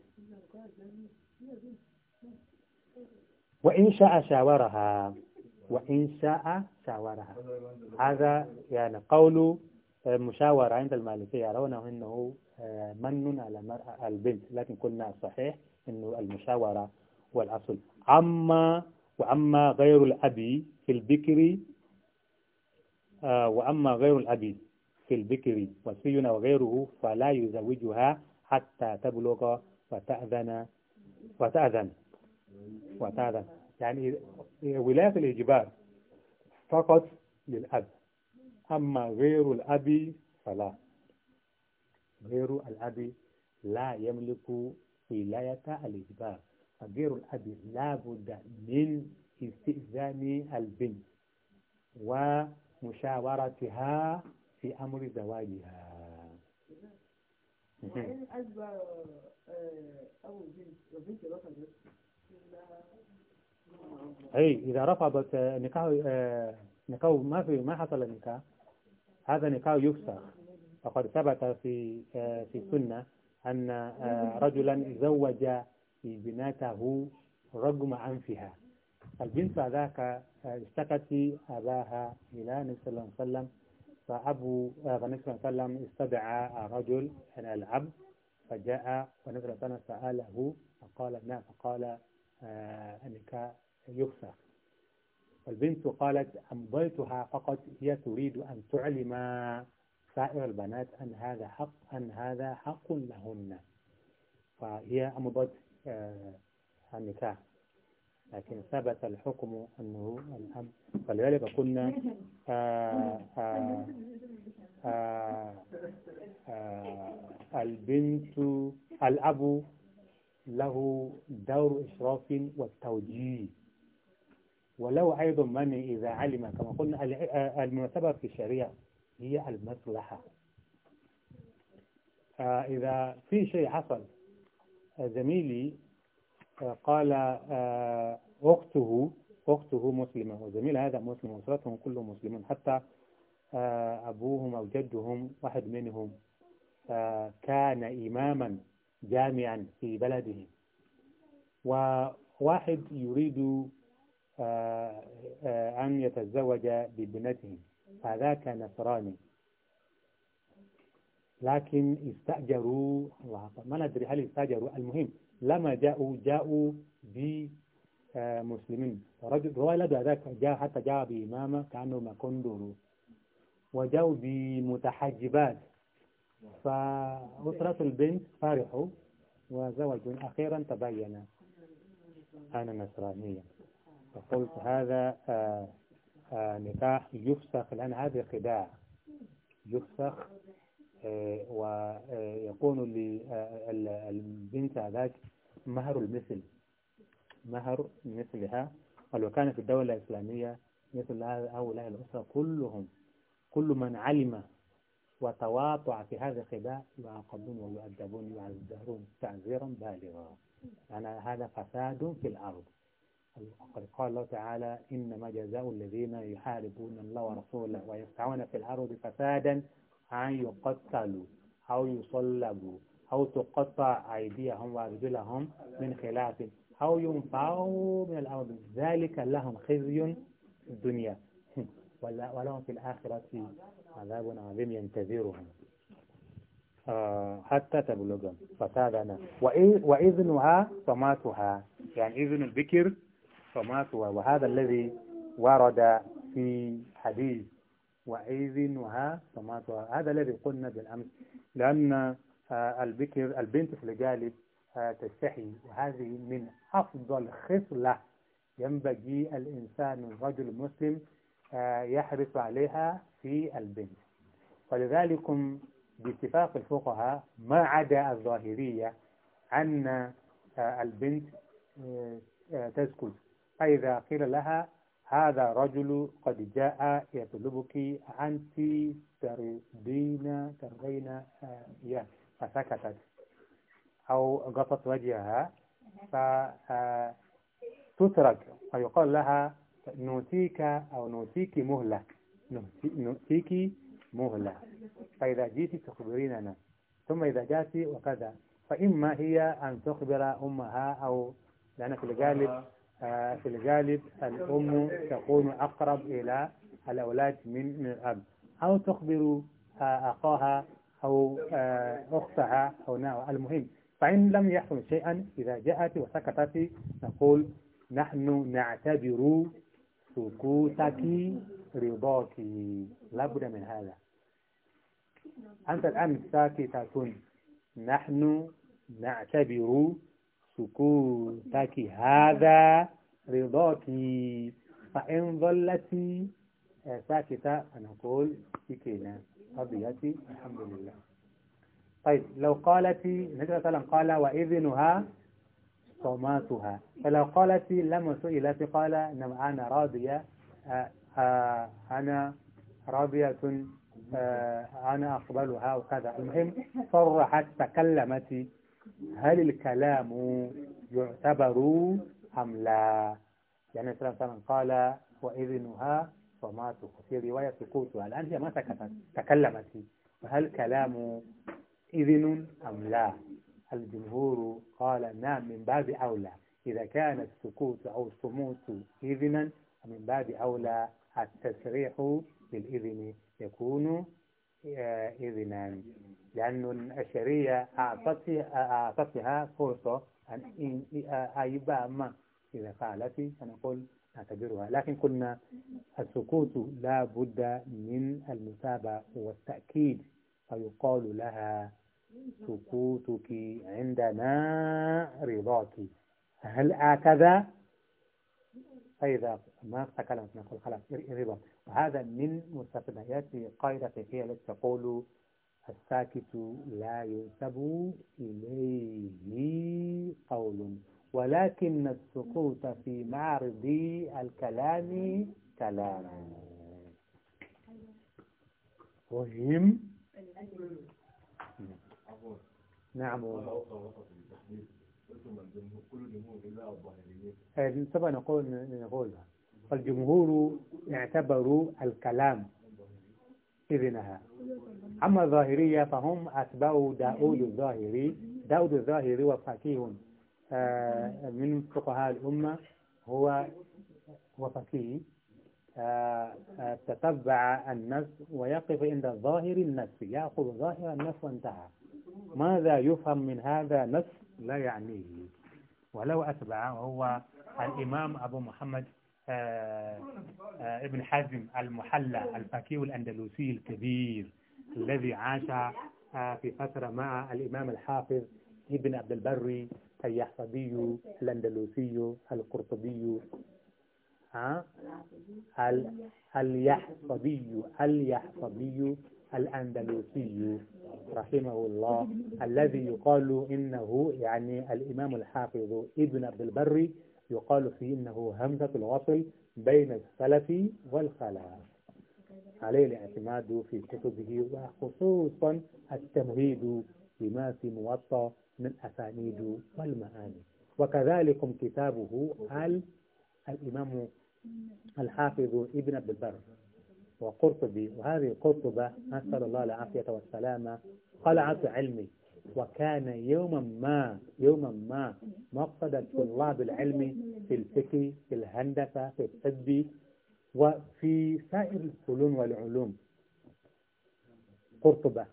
وإن شاء شاورها وإن شاء شاورها هذا يعني قول مشاور عند المالكية يرونه أنه آه، من على المرأة البنت لكن قلنا الصحيح أنه المشاورة والأصل عما وأما غير الأبي في البكر آه، وأما غير الأبي في البكر وسي وغيره فلا يزوجها حتى تبلغ وتأذن وتأذن وتأذن يعني ولاية الإجبار فقط للأب أما غير الأب فلا غير الأب لا يملك ولاية الإجبار فغير الأب لا بد من استئذان البنت ومشاورتها في أمر زواجها آه، أي إذا رفضت نكاح آه، نكاح ما في ما حصل نكاح هذا نقاء يفسخ فقد ثبت في آه، في السنة أن آه، رجلا زوج ابنته رغم أنفها البنت ذاك آه، اشتكت أباها إلى النبي صلى الله عليه وسلم فأبو النبي صلى الله عليه وسلم استدعى الرجل أن العب فجاء والنبي صلى الله عليه وسلم سأله فقال نعم فقال أنك يفسخ فالبنت قالت أمضيتها فقط هي تريد أن تعلم سائر البنات أن هذا حق أن هذا حق لهن فهي أمضت آه، النكاح لكن ثبت الحكم أنه الأب فلذلك قلنا آه، آه، البنت الأب له دور إشراف والتوجيه ولو أيضا مني إذا علم كما قلنا آه، المناسبة في الشريعة هي المصلحة آه، إذا في شيء حصل زميلي آه، قال أخته أخته مسلمة وزميل هذا مسلم وأسرتهم كلهم مسلمون حتى أبوهم أو جدهم واحد منهم كان إماما جامعا في بلده وواحد يريد آه، آه، أن يتزوج بابنته فذاك نصراني لكن استأجروا الله ما ندري هل استأجروا المهم لما جاءوا جاءوا بمسلمين رجل رواية ذاك جاء حتى جاء بإمامة كانوا ما كندروا وجاءوا بمتحجبات فأسرة البنت فرحوا وزوجوا أخيرا تبين أنا نصرانية فقلت هذا آه، آه، نكاح يفسخ لأن هذا خداع يفسخ آه، ويكون للبنت ذاك مهر المثل مهر مثلها ولو كان في الدولة الإسلامية مثل هؤلاء الأسرة كلهم كل من علم وتواطع في هذا الخداع يعاقبون ويؤدبون ويعذرون تعذيرا بالغا يعني هذا فساد في الأرض قد قال الله تعالى إنما جزاء الذين يحاربون الله ورسوله ويسعون في الأرض فسادا أن يقتلوا أو يصلبوا أو تقطع أيديهم وأرجلهم من خلاف أو ينفعوا من الأرض ذلك لهم خزي في الدنيا ولهم في الآخرة عذاب عظيم ينتظرهم آه، حتى تبلغهم فسادنا وإذنها صماتها يعني إذن البكر الصمات وهذا الذي ورد في حديث وإذ وها صماتها هذا الذي قلنا بالأمس لأن آه، البكر البنت في الجالب آه، تستحي وهذه من أفضل خصلة ينبغي الإنسان الرجل المسلم آه، يحرص عليها في البنت ولذلك باتفاق الفقهاء ما عدا الظاهرية أن البنت تسكت فإذا قيل لها هذا رجل قد جاء يطلبك أنت تردين ترغين إياه آه، فسكتت أو غطت وجهها فتترك آه، ويقال لها نوتيك أو نوتيك مهلة نوتيك مهلة فإذا جئت تخبريننا ثم إذا جاءت وكذا فإما هي أن تخبر أمها أو لأن في الغالب آه، في الغالب الأم تكون أقرب إلى الأولاد من الأب أو تخبر آه، أخاها أو آه، أختها أو نعم المهم فإن لم يحصل شيئا إذا جاءت وسكتت نقول نحن نعتبر سكوتك رضاك لابد من هذا أنت الآن ساكتة نحن نعتبر سكوتك هذا رضاك فإن ظلت ساكتة فنقول سكينة رضيتي الحمد لله طيب لو قالت النبي صلى قال وإذنها صماتها فلو قالت لم سئلت قال إنما أنا راضية آآ آه، آآ آه، أنا راضية آه، أنا أقبلها وكذا المهم صرحت تكلمت هل الكلام يعتبر أم لا يعني صلى الله عليه قال وإذنها صمات في رواية سكوتها الآن هي ما سكتت تكلمت فهل كلام إذن أم لا الجمهور قال نعم من باب أولى إذا كان السكوت أو الصموت إذنا من باب أولى التسريح بالإذن يكون إذنا لأن الشريعة أعطتها فرصة أن أعيبا ما إذا فعلت سنقول نعتبرها لكن قلنا السكوت لا بد من المتابعة والتأكيد فيقال لها سكوتك عندنا رضاك هل هكذا فإذا ما تكلمت نقول خلاص الربا وهذا من مستثنيات قاعدة هي التي تقول الساكت لا ينسب إليه قول ولكن السقوط في معرض الكلام كلام وهم أيوة. نعم إيه، سبق نقول نقول الجمهور اعتبروا الكلام إذنها أما الظاهرية فهم أتباع داود الظاهري داود الظاهري وفقيه آه، من فقهاء الأمة هو وفقيه آه، آه، تتبع النص ويقف عند الظاهر النص يأخذ ظاهر النص وانتهى ماذا يفهم من هذا نص لا يعنيه ولو أتبعه هو الإمام أبو محمد آآ آه، آآ آه، ابن حزم المحلى الفكي الأندلسي الكبير الذي عاش آه، في فترة مع الإمام الحافظ ابن عبد البري اليحصبي الأندلسي القرطبي ها اليحصبي اليحصبي الأندلسي رحمه الله الذي يقال إنه يعني الإمام الحافظ ابن عبد البر يقال فيه إنه همزة الوصل بين السلف والخلاف عليه الاعتماد في كتبه وخصوصا التمهيد لما في موطأ من أسانيد والمعاني وكذلك كتابه الإمام الحافظ ابن عبد البر وقرطبي وهذه قرطبة أسأل الله العافية والسلامة قلعة علمي وكان يوما ما يوما ما مقصد طلاب العلم في الفقه في الهندسة في الطب وفي سائر الفنون والعلوم قرطبة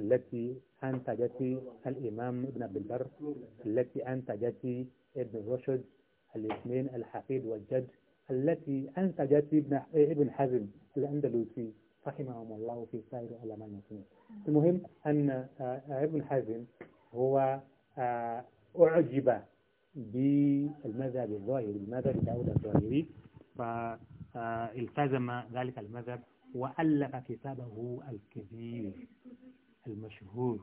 التي أنتجت الإمام ابن عبد البر التي أنتجت ابن رشد الاثنين الحفيد والجد التي أنتجت ابن ابن حزم الأندلسي رحمهم الله في سائر علماء المسلمين المهم أن آه، ابن حزم هو آه، أعجب بالمذهب الظاهري المذهب داود الظاهري فالتزم ذلك المذهب وألف كتابه الكبير المشهور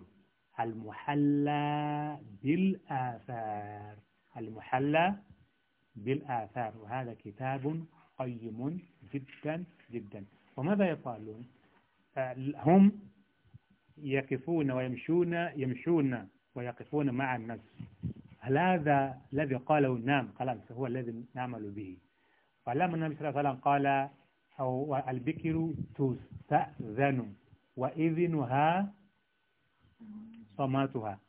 المحلى بالآثار المحلى بالآثار وهذا كتاب قيم جدا جدا وماذا يقالون هم يقفون ويمشون يمشون ويقفون مع الناس هذا الذي قاله نعم خلاص هو الذي نعمل به فلما النبي صلى الله عليه وسلم قال أو البكر تستأذن وإذنها صماتها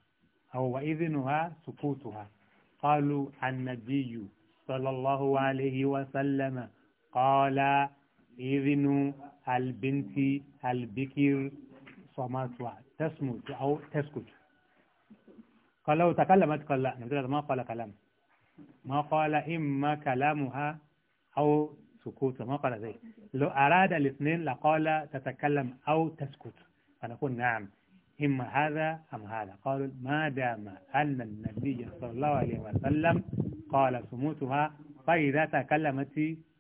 أو وإذنها سكوتها قالوا النبي صلى الله عليه وسلم قال إذن البنت البكر صمتها تسمت أو تسكت قال لو تكلمت قال لا ما قال كلام ما قال إما كلامها أو سكوت ما قال ذلك لو أراد الاثنين لقال تتكلم أو تسكت فنقول نعم إما هذا أم هذا قالوا ما دام أن النبي صلى الله عليه وسلم قال سموتها فإذا تكلمت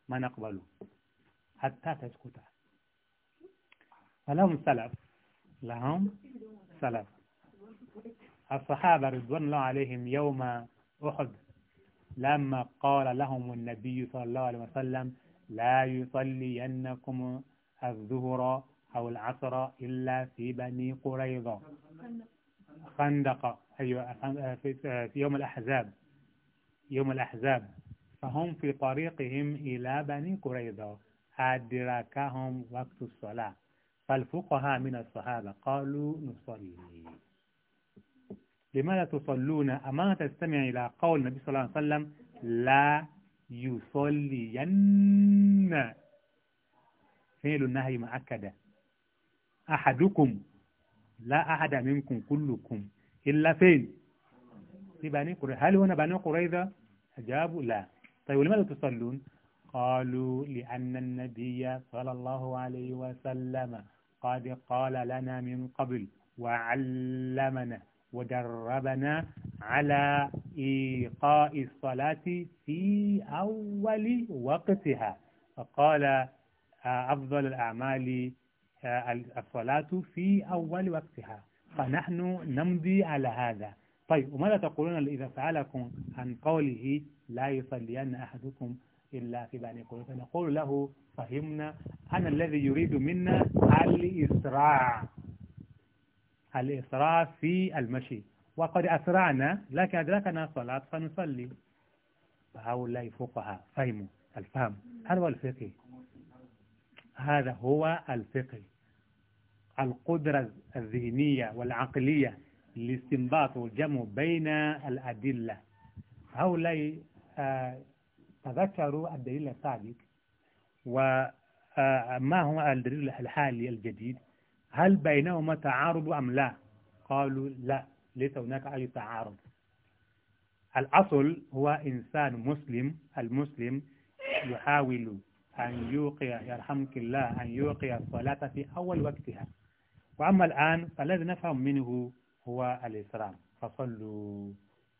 ما نقبله حتى تسكت فلهم سلف لهم سلف الصحابة رضوان الله عليهم يوم أحد لما قال لهم النبي صلى الله عليه وسلم لا يصلينكم الظهر أو العصر إلا في بني قريظة خندق أيوة في يوم الأحزاب يوم الأحزاب فهم في طريقهم إلى بني قريظة أدركهم وقت الصلاة فالفقهاء من الصحابة قالوا نصلي لماذا تصلون أما تستمع إلى قول النبي صلى الله عليه وسلم لا يصلين فعل النهي مؤكدة أحدكم لا أحد منكم كلكم إلا فين في بني قريظة هل هنا بني قريظة أجابوا لا طيب ولماذا تصلون قالوا لأن النبي صلى الله عليه وسلم قد قال لنا من قبل وعلمنا ودربنا على إيقاء الصلاة في أول وقتها فقال آه، أفضل الأعمال آه، الصلاة في أول وقتها فنحن نمضي على هذا طيب وماذا تقولون إذا سألكم عن قوله لا يصلين أحدكم إلا في بني قريظة نقول له فهمنا أنا الذي يريد منا الإسراع الإسراع في المشي وقد أسرعنا لكن أدركنا صلاة فنصلي فهؤلاء فقهاء فهموا الفهم هذا هو الفقه هذا هو الفقه القدرة الذهنية والعقلية الاستنباط والجمع بين الأدلة هؤلاء آه، تذكروا الدليل السابق وما آه، هو الدليل الحالي الجديد هل بينهما تعارض أم لا قالوا لا ليس هناك أي تعارض الأصل هو إنسان مسلم المسلم يحاول أن يوقع يرحمك الله أن يوقع الصلاة في أول وقتها وأما الآن فالذي نفهم منه هو الإسلام فصلوا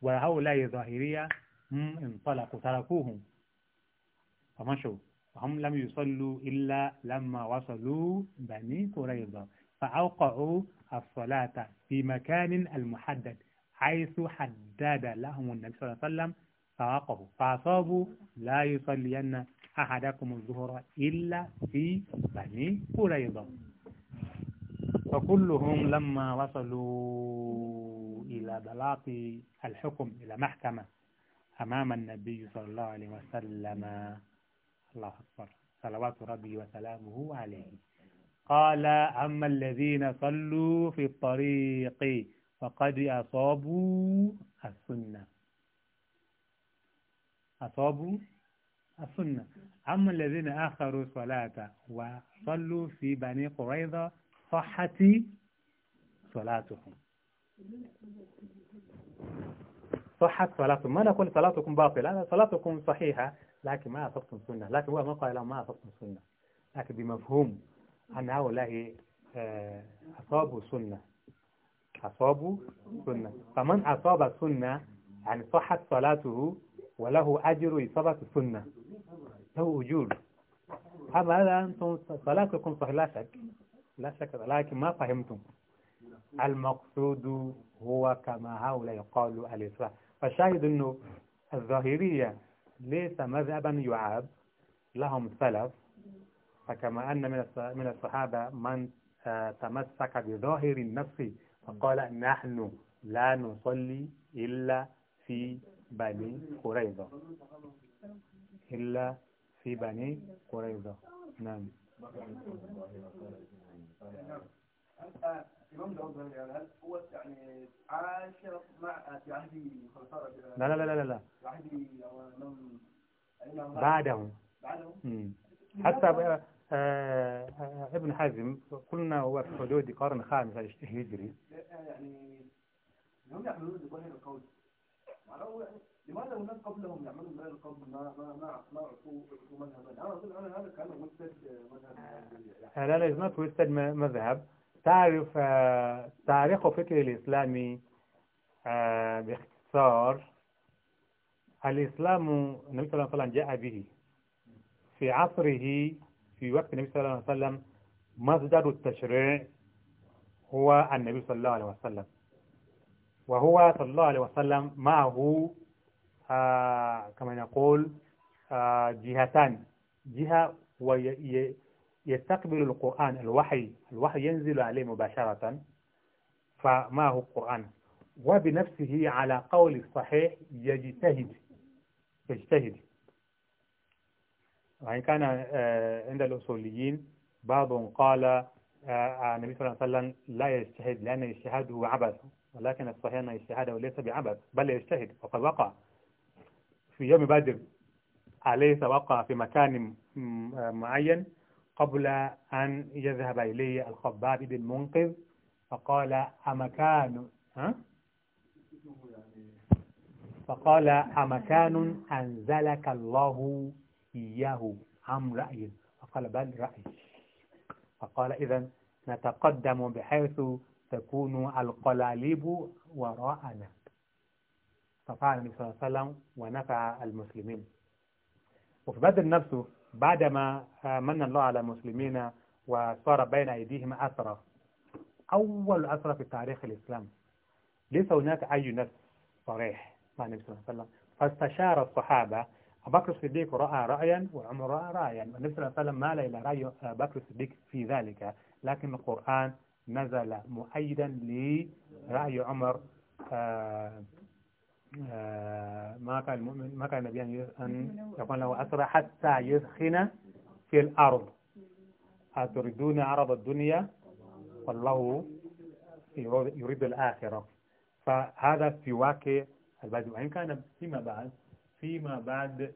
وهؤلاء الظاهرية هم انطلقوا تركوهم فمشوا فهم لم يصلوا إلا لما وصلوا بني قريظة فأوقعوا الصلاة في مكان المحدد حيث حدد لهم النبي صلى الله عليه وسلم فوقفوا فأصابوا لا يصلين أحدكم الظهر إلا في بني قريظة فكلهم لما وصلوا إلى بلاط الحكم إلى محكمة أمام النبي صلى الله عليه وسلم الله أكبر صلوات ربي وسلامه عليه قال أما الذين صلوا في الطريق فقد أصابوا السنة أصابوا السنة أما الذين آخروا الصلاة وصلوا في بني قريظة صحة صلاتكم صحت صلاتكم ما نقول صلاتكم باطلة صلاتكم صحيحة لكن ما أصبتم سنة لكن هو ما قال ما أصبتم سنة لكن بمفهوم أن هؤلاء آه، أصابوا سنة أصابوا سنة فمن أصاب سنة يعني صحت صلاته وله أجر إصابة السنة له أجور أما هذا أنتم صلاتكم صحيحة لا شك لا شك لكن ما فهمتم المقصود هو كما هؤلاء قالوا الإسراء فشاهد أنه الظاهرية ليس مذهبا يعاب لهم سلف فكما أن من من الصحابة من آه، تمسك بظاهر النص فقال نحن لا نصلي إلا في بني قريظة إلا في بني قريظة نعم نعم. آه، يعني لا لا لا لا لا لا في عهد بعدهم حتى آه، آه، ابن حزم قلنا هو في حدود قرن خامس هجري يعني هم يعملون ظاهر القول لماذا الناس قبلهم يعملون ما القبل ما ما ما ما عرفوا مذهبا انا اظن انا هذا كان وستد مذهب لا لا not وستد مذهب تعرف آه، تاريخ فكر الاسلامي آه، باختصار الاسلام النبي صلى الله عليه وسلم جاء به في عصره في وقت النبي صلى الله عليه وسلم مصدر التشريع هو النبي صلى الله عليه وسلم وهو صلى الله عليه وسلم معه آه، كما نقول آه، جهتان جهة ويستقبل القرآن الوحي الوحي ينزل عليه مباشرة فما هو القرآن وبنفسه على قول الصحيح يجتهد يجتهد وإن كان آه، عند الأصوليين بعض قال النبي صلى الله عليه وسلم لا يجتهد لأن الاجتهاد هو عبث ولكن الصحيح أن اجتهاده ليس بعبث بل يجتهد وقد وقع في يوم بدر عليه توقع في مكان معين قبل أن يذهب إليه الخباب بن منقذ فقال أمكان ها؟ فقال أمكان أنزلك الله إياه أم رأي فقال بل رأي فقال إذا نتقدم بحيث تكون القلاليب وراءنا شفاعة النبي صلى الله عليه وسلم ونفع المسلمين وفي بدر نفسه بعدما من الله على المسلمين وصار بين أيديهم أسرة أول أسرة في تاريخ الإسلام ليس هناك أي نفس صريح مع النبي صلى الله عليه وسلم فاستشار الصحابة أبو بكر الصديق رأى رأيا وعمر رأى رأيا والنبي صلى الله عليه وسلم مال إلى رأي بكر الصديق في ذلك لكن القرآن نزل مؤيدا لرأي عمر آه آه، ما كان مؤمن ما كان النبي أن يكون له أسرى حتى يسخن في الأرض أتريدون عرض الدنيا والله يريد الآخرة فهذا في واقع البدو وإن كان فيما بعد فيما بعد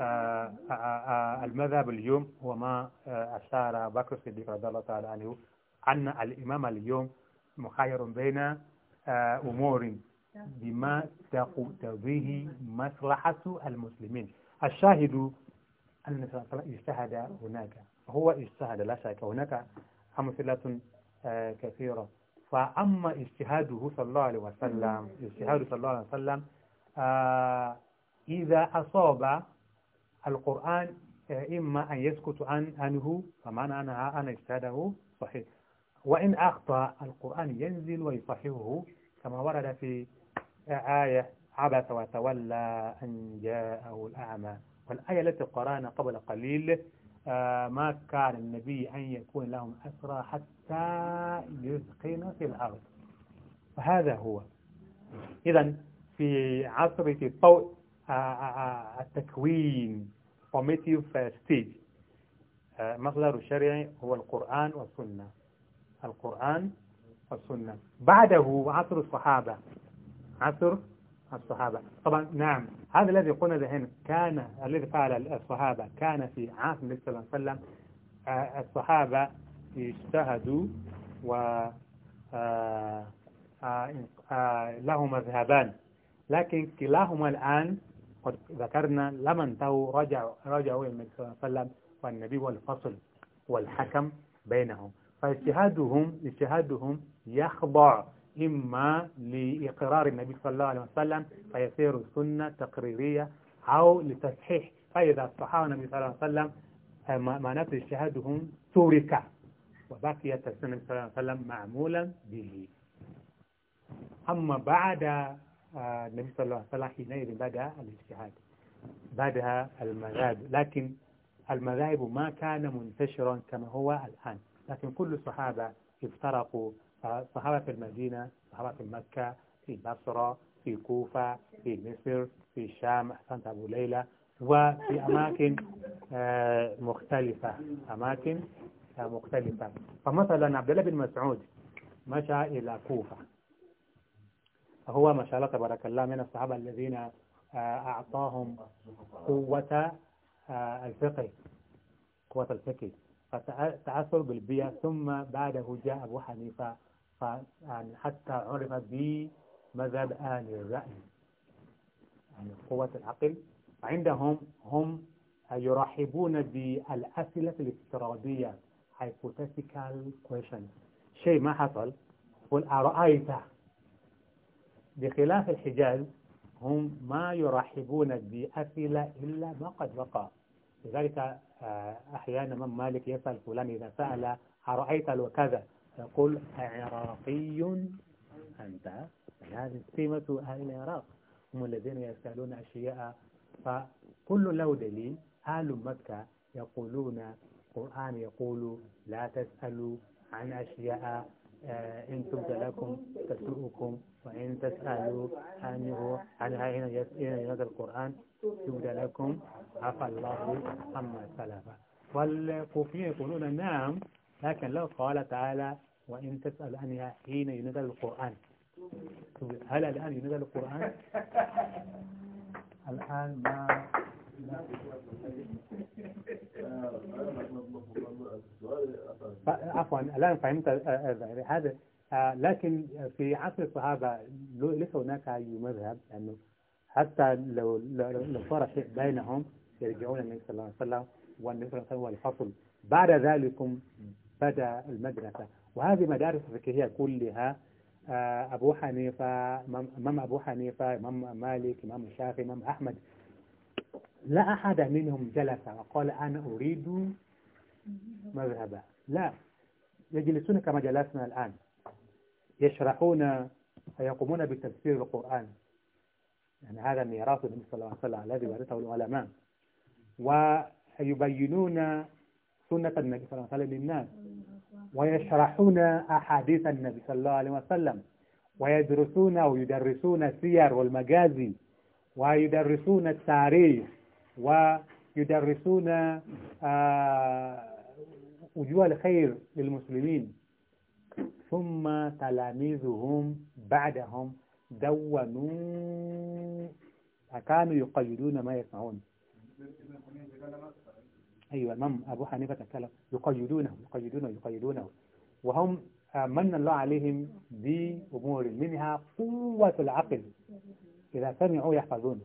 آآ آه، آآ آه، المذهب اليوم هو ما أشار بكر الصديق رضي الله تعالى عنه أن الإمام اليوم مخير بين أمور بما تقتضيه مصلحة المسلمين الشاهد أن اجتهد هناك هو اجتهد لا شك هناك أمثلة آه، كثيرة فأما اجتهاده صلى الله عليه وسلم اجتهاد صلى الله عليه وسلم آه، إذا أصاب القرآن آه، إما أن يسكت عن عنه فمعنى أن أن اجتهاده صحيح وإن أخطأ القرآن ينزل ويصححه كما ورد في آية عبث وتولى أن جاءه الأعمى والآية التي قرأنا قبل قليل آه، ما كان النبي أن يكون لهم أسرى حتى يثقن في الأرض فهذا هو إذا في عصر طوء آه، آه، التكوين formative stage مصدر الشرعي هو القرآن والسنة القرآن والسنة بعده عصر الصحابة عصر الصحابة طبعا نعم هذا الذي قلنا ذهن كان الذي فعل الصحابة كان في عهد النبي صلى الله عليه وسلم آه، الصحابة اجتهدوا و آه، آه، له مذهبان لكن كلاهما الآن قد ذكرنا لما انتهوا رجعوا رجعوا النبي صلى الله عليه وسلم والنبي والفصل والحكم بينهم فاجتهادهم اجتهادهم يخضع إما لإقرار النبي صلى الله عليه وسلم فيصير سنة تقريرية أو لتصحيح فإذا صحاه النبي صلى الله عليه وسلم معناته اجتهادهم ترك وبقيت السنة النبي صلى الله عليه وسلم معمولا به أما بعد آه، النبي صلى الله عليه وسلم حينئذ بدأ الاجتهاد بدأ المذاهب لكن المذاهب ما كان منتشرا كما هو الآن لكن كل الصحابة افترقوا الصحابة في المدينة الصحابة في مكة في بصرة في كوفة في مصر في الشام أحسنت أبو ليلى وفي أماكن آه، مختلفة أماكن آه، مختلفة فمثلا عبد الله بن مسعود مشى إلى كوفة هو ما شاء الله تبارك الله من الصحابة الذين آه، أعطاهم قوة الفقه قوة الفقه فتأثر بالبيئة ثم بعده جاء أبو حنيفة يعني حتى عرف بمذهب آل الرأي يعني قوة العقل عندهم هم يرحبون بالأسئلة الافتراضية hypothetical question شيء ما حصل قل أرأيت بخلاف الحجاز هم ما يرحبون بأسئلة إلا ما قد وقع لذلك آه، أحيانا من مالك يسأل فلان إذا سأل أرأيت لو كذا تقول عراقي أنت هذه سمة أهل العراق هم الذين يسألون أشياء فكل له دليل أهل مكة يقولون القرآن يقول لا تسألوا عن أشياء آه، إن تبد لكم تسوءكم وإن تسألوا عنه عنها هنا هذا القرآن تبد لكم عفى الله عما سلف والكوفيين يقولون نعم لكن لو قال تعالى وإن تسأل عنها حين ينزل القرآن هل الآن ينزل القرآن؟ الآن ما عفوا الآن فهمت آه، آه، هذا آه، لكن في عصر الصحابة ليس هناك أي مذهب لأنه يعني حتى لو لو صار شيء بينهم يرجعون النبي صلى الله عليه وسلم والنبي صلى الله عليه وسلم والفصل بعد ذلك بدأ المدرسة وهذه مدارس فقهية كلها آه، أبو حنيفة إمام أبو حنيفة إمام مالك إمام الشافعي إمام أحمد لا أحد منهم جلس وقال أنا أريد مذهبا لا يجلسون كما جلسنا الآن يشرحون ويقومون بتفسير القرآن يعني هذا ميراث النبي صلى الله عليه وسلم الذي ورثه العلماء ويبينون سنة النبي صلى الله عليه وسلم للناس ويشرحون أحاديث النبي صلى الله عليه وسلم ويدرسون ويدرسون السير والمجازي ويدرسون التاريخ ويدرسون آه، وجوه الخير للمسلمين ثم تلاميذهم بعدهم دونوا فكانوا يقيدون ما يسمعون أيوة الإمام أبو حنيفة الكلام يقيدونه يقيدونه يقيدونه وهم من الله عليهم بأمور منها قوة العقل إذا سمعوا يحفظون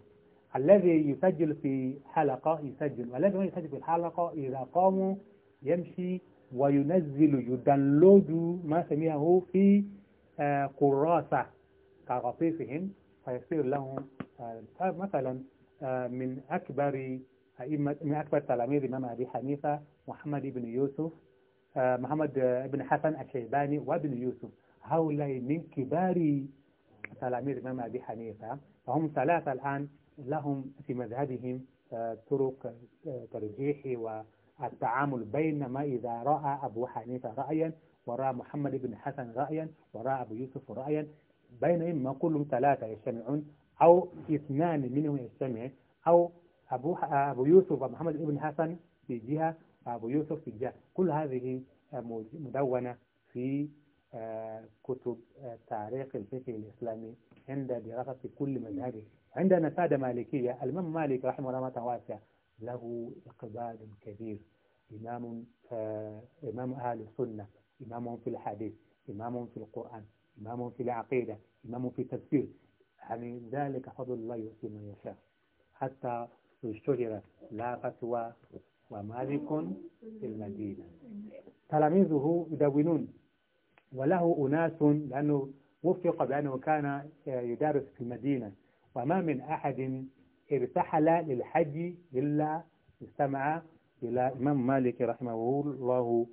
الذي يسجل في حلقة يسجل والذي يسجل في الحلقة إذا قاموا يمشي وينزل يدنلود ما سمعه في آه، قراصة كغطيفهم فيصير لهم آه، مثلا آه، من أكبر أئمة من أكبر تلاميذ الإمام أبي حنيفة محمد بن يوسف آه، محمد آه، بن حسن الشيباني وابن يوسف هؤلاء من كبار تلاميذ الإمام أبي حنيفة فهم ثلاثة الآن لهم في مذهبهم آه، طرق ترجيح والتعامل بين ما إذا رأى أبو حنيفة رأيا ورأى محمد بن حسن رأيا ورأى أبو يوسف رأيا بينهم ما كلهم ثلاثة يجتمعون أو اثنان منهم يجتمع أو أبو أبو يوسف ومحمد بن حسن في جهة أبو يوسف في جهة كل هذه مدونة في آه، كتب آه، تاريخ الفقه الإسلامي عند دراسة كل مذهب عندنا سادة مالكية الإمام مالك رحمه الله واسعة له إقبال كبير إمام آه، إمام أهل السنة إمام في الحديث إمام في القرآن إمام في العقيدة إمام في التفسير يعني ذلك فضل الله يؤتي من يشاء حتى اشتهرت لا فتوى ومالك في المدينة تلاميذه يدونون وله أناس لأنه وفق بأنه كان يدرس في المدينة وما من أحد ارتحل للحج إلا استمع إلى إمام مالك رحمه الله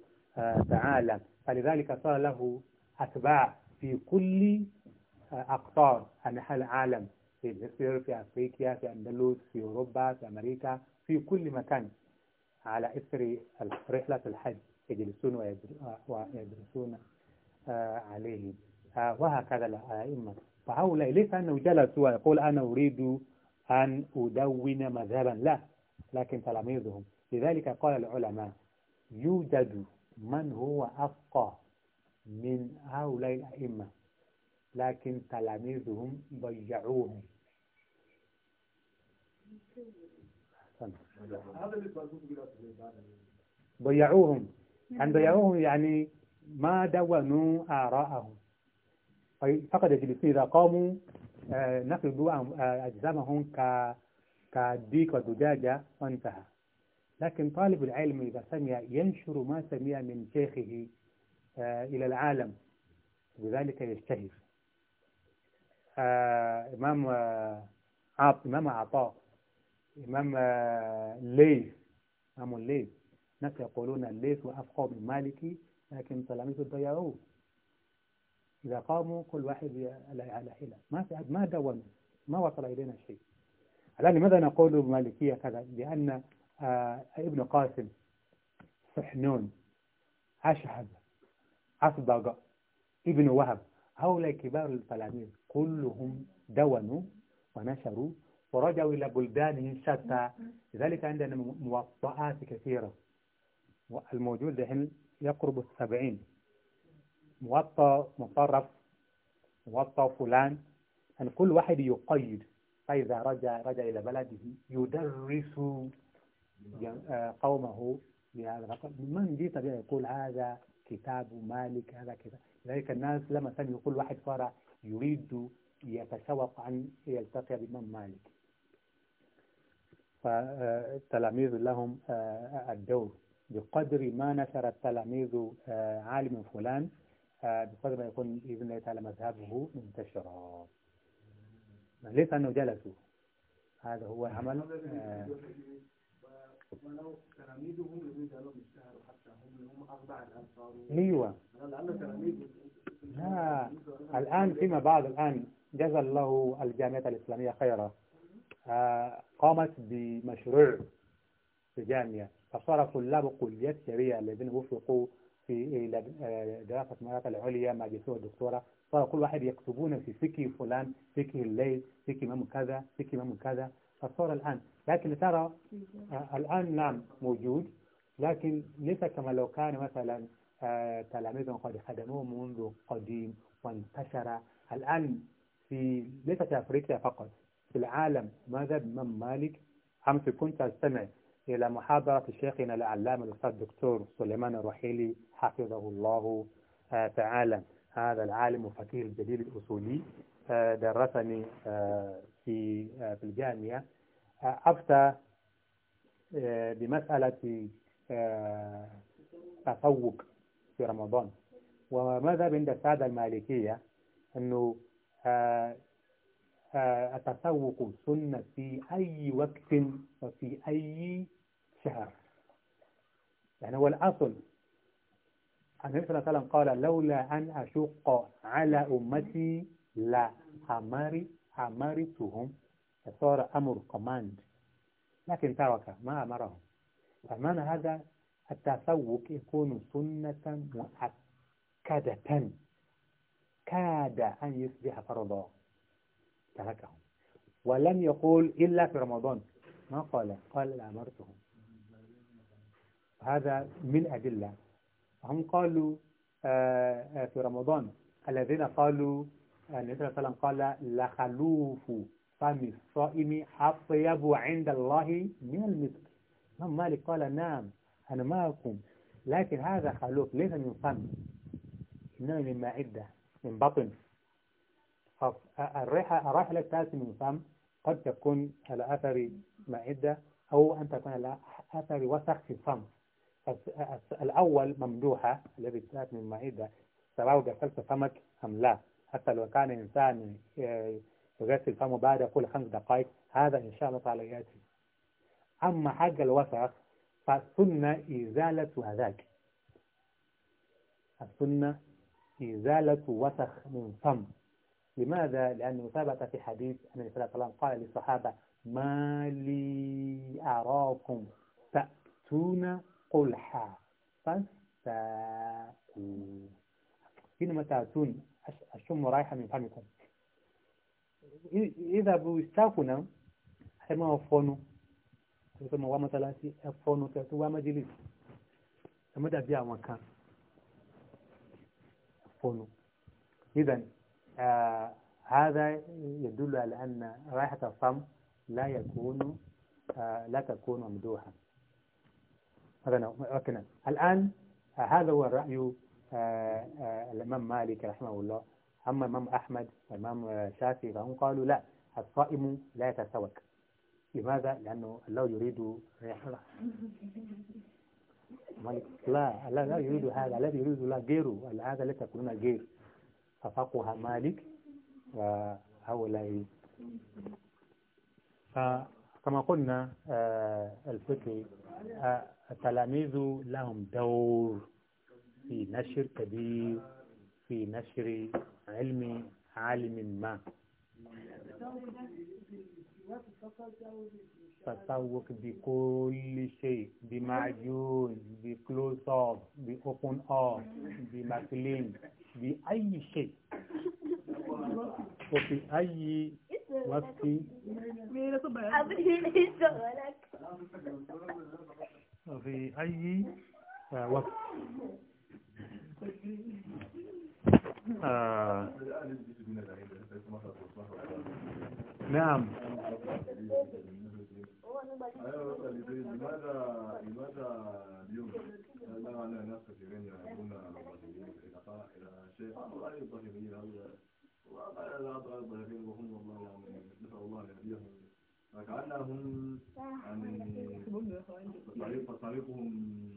تعالى فلذلك صار له أتباع في كل أقطار أنحاء العالم في مصر في أفريقيا في أندلس في أوروبا في أمريكا في كل مكان على إثر رحلة الحج يجلسون ويدرسون آه، عليه آه، وهكذا الأئمة فهؤلاء ليس أنه جلس ويقول أنا أريد أن أدون مذهبا لا لكن تلاميذهم لذلك قال العلماء يوجد من هو أفقه من هؤلاء الأئمة لكن تلاميذهم ضيعوهم ضيعوهم يعني ضيعوهم يعني ما دونوا آراءهم فقد الفلسطينيين إذا قاموا آه، نفذوا آه، أجسامهم ك ودجاجة وانتهى لكن طالب العلم إذا سمع ينشر ما سمع من شيخه آه، إلى العالم وبذلك يشتهر آه، إمام آه، عط إمام عطاء إمام الليث آه، إمام الليث ناس يقولون الليث وأفقه من مالكي لكن تلاميذه ضيعوه إذا قاموا كل واحد على حيلة ما في ما دون ما وصل إلينا شيء الآن لماذا نقول مالكية كذا لأن ابن قاسم سحنون اشهد أصدق ابن وهب هؤلاء كبار الفلاميذ كلهم دونوا ونشروا ورجعوا إلى بلدانهم شتى لذلك عندنا موطئات كثيرة الموجود الحين يقرب السبعين موطى مطرف موطى فلان أن يعني كل واحد يقيد فإذا رجع رجع إلى بلده يدرس آه، قومه من جيت يقول هذا كتاب مالك هذا كتاب لذلك الناس لما سمعوا يقول واحد صار يريد يتشوق أن يلتقي بالإمام مالك فالتلاميذ لهم آه، الدور بقدر ما نشر التلاميذ آه، عالم فلان آه، بقدر ما يكون بإذن الله تعالى مذهبه منتشرا ليس أنه جلسوا هذا هو عمل ولو تلاميذهم يريد أنهم يشتهروا ايوه لا الآن فيما بعد الآن جزا الله الجامعة الإسلامية خيرا آه، قامت بمشروع في جامعة فصار طلاب كلية الشريعة الذين وفقوا في آه، دراسة المرات العليا ماجستير ودكتوراه صار كل واحد يكتبون في فكي فلان فكي الليل فكي مم كذا فكي مم كذا فصار الآن لكن ترى آه، الآن نعم موجود لكن ليس كما لو كان مثلا آه، تلاميذهم قد خدموه منذ قديم وانتشر الآن في ليس في أفريقيا فقط في العالم ماذا من مالك أمس كنت أستمع إلى محاضرة شيخنا العلامة الأستاذ الدكتور سليمان الرحيلي حفظه الله آه، تعالى هذا العالم وفقيه الجليل الأصولي آه، درسني في في الجامعة أفتى بمسألة آه، تفوق في رمضان وماذا عند السادة المالكية أنه آه، آه، التسوق سنة في أي وقت وفي أي شهر يعني هو الأصل النبي صلى الله عليه وسلم قال لولا أن أشق على أمتي لا أماري أمرتهم صار أمر كماند لكن ترك ما أمرهم فمعنى هذا التسوق يكون سنة مؤكدة كاد أن يصبح فرضا تركهم ولم يقول إلا في رمضان ما قال قال أمرتهم هذا من أدلة هم قالوا آه، آه، في رمضان الذين قالوا آه، النبي صلى الله عليه وسلم قال لخلوف فم الصائم أطيب عند الله من المسك الإمام نعم، مالك قال نعم أنا ما أقوم لكن هذا خلوف ليس من فم إنما من معدة من بطن الريحة الرحلة تأتي من فم قد تكون على أثر معدة أو أن تكون على أثر وسخ في الفم الأول ممدوحة الذي تأتي من معدة سواء غسلت فمك أم لا حتى لو كان إنسان آه، يغسل فمه بعد كل خمس دقائق هذا إن شاء الله تعالى يأتي أما حاجة الوسخ فالسنة إزالة ذاك السنة إزالة وسخ من فم لماذا؟ لأن ثبت في حديث أن النبي صلى الله عليه وسلم قال للصحابة ما لي أراكم تأتون قلحا فاستاقوا حينما تأتون أشم رايحة من فمكم إذا بيستاقوا نعم حينما وفونوا wá إذا هذا يدل على أن رائحة الفم لا يكون لا تكون ممدوحة هذا الآن هذا هو الرأي الإمام مالك رحمه الله أما الإمام أحمد والإمام شافعي فهم قالوا لا الصائم لا يتسوك لماذا؟ لأنه الله يريد رحلة لا لا لا يريد هذا الذي يريد لا غيره هذا لا تكون غير ففقها مالك وهؤلاء كما قلنا آه، الفقه آه، التلاميذ لهم دور في نشر كبير في نشر علم عالم ما Tatawuk bi kulli shay, bi majun, bi close up, bi open up, bi maklin, bi ayi shay. Òfin ayi wá sí. Òfin ayi wá sí. آه. نعم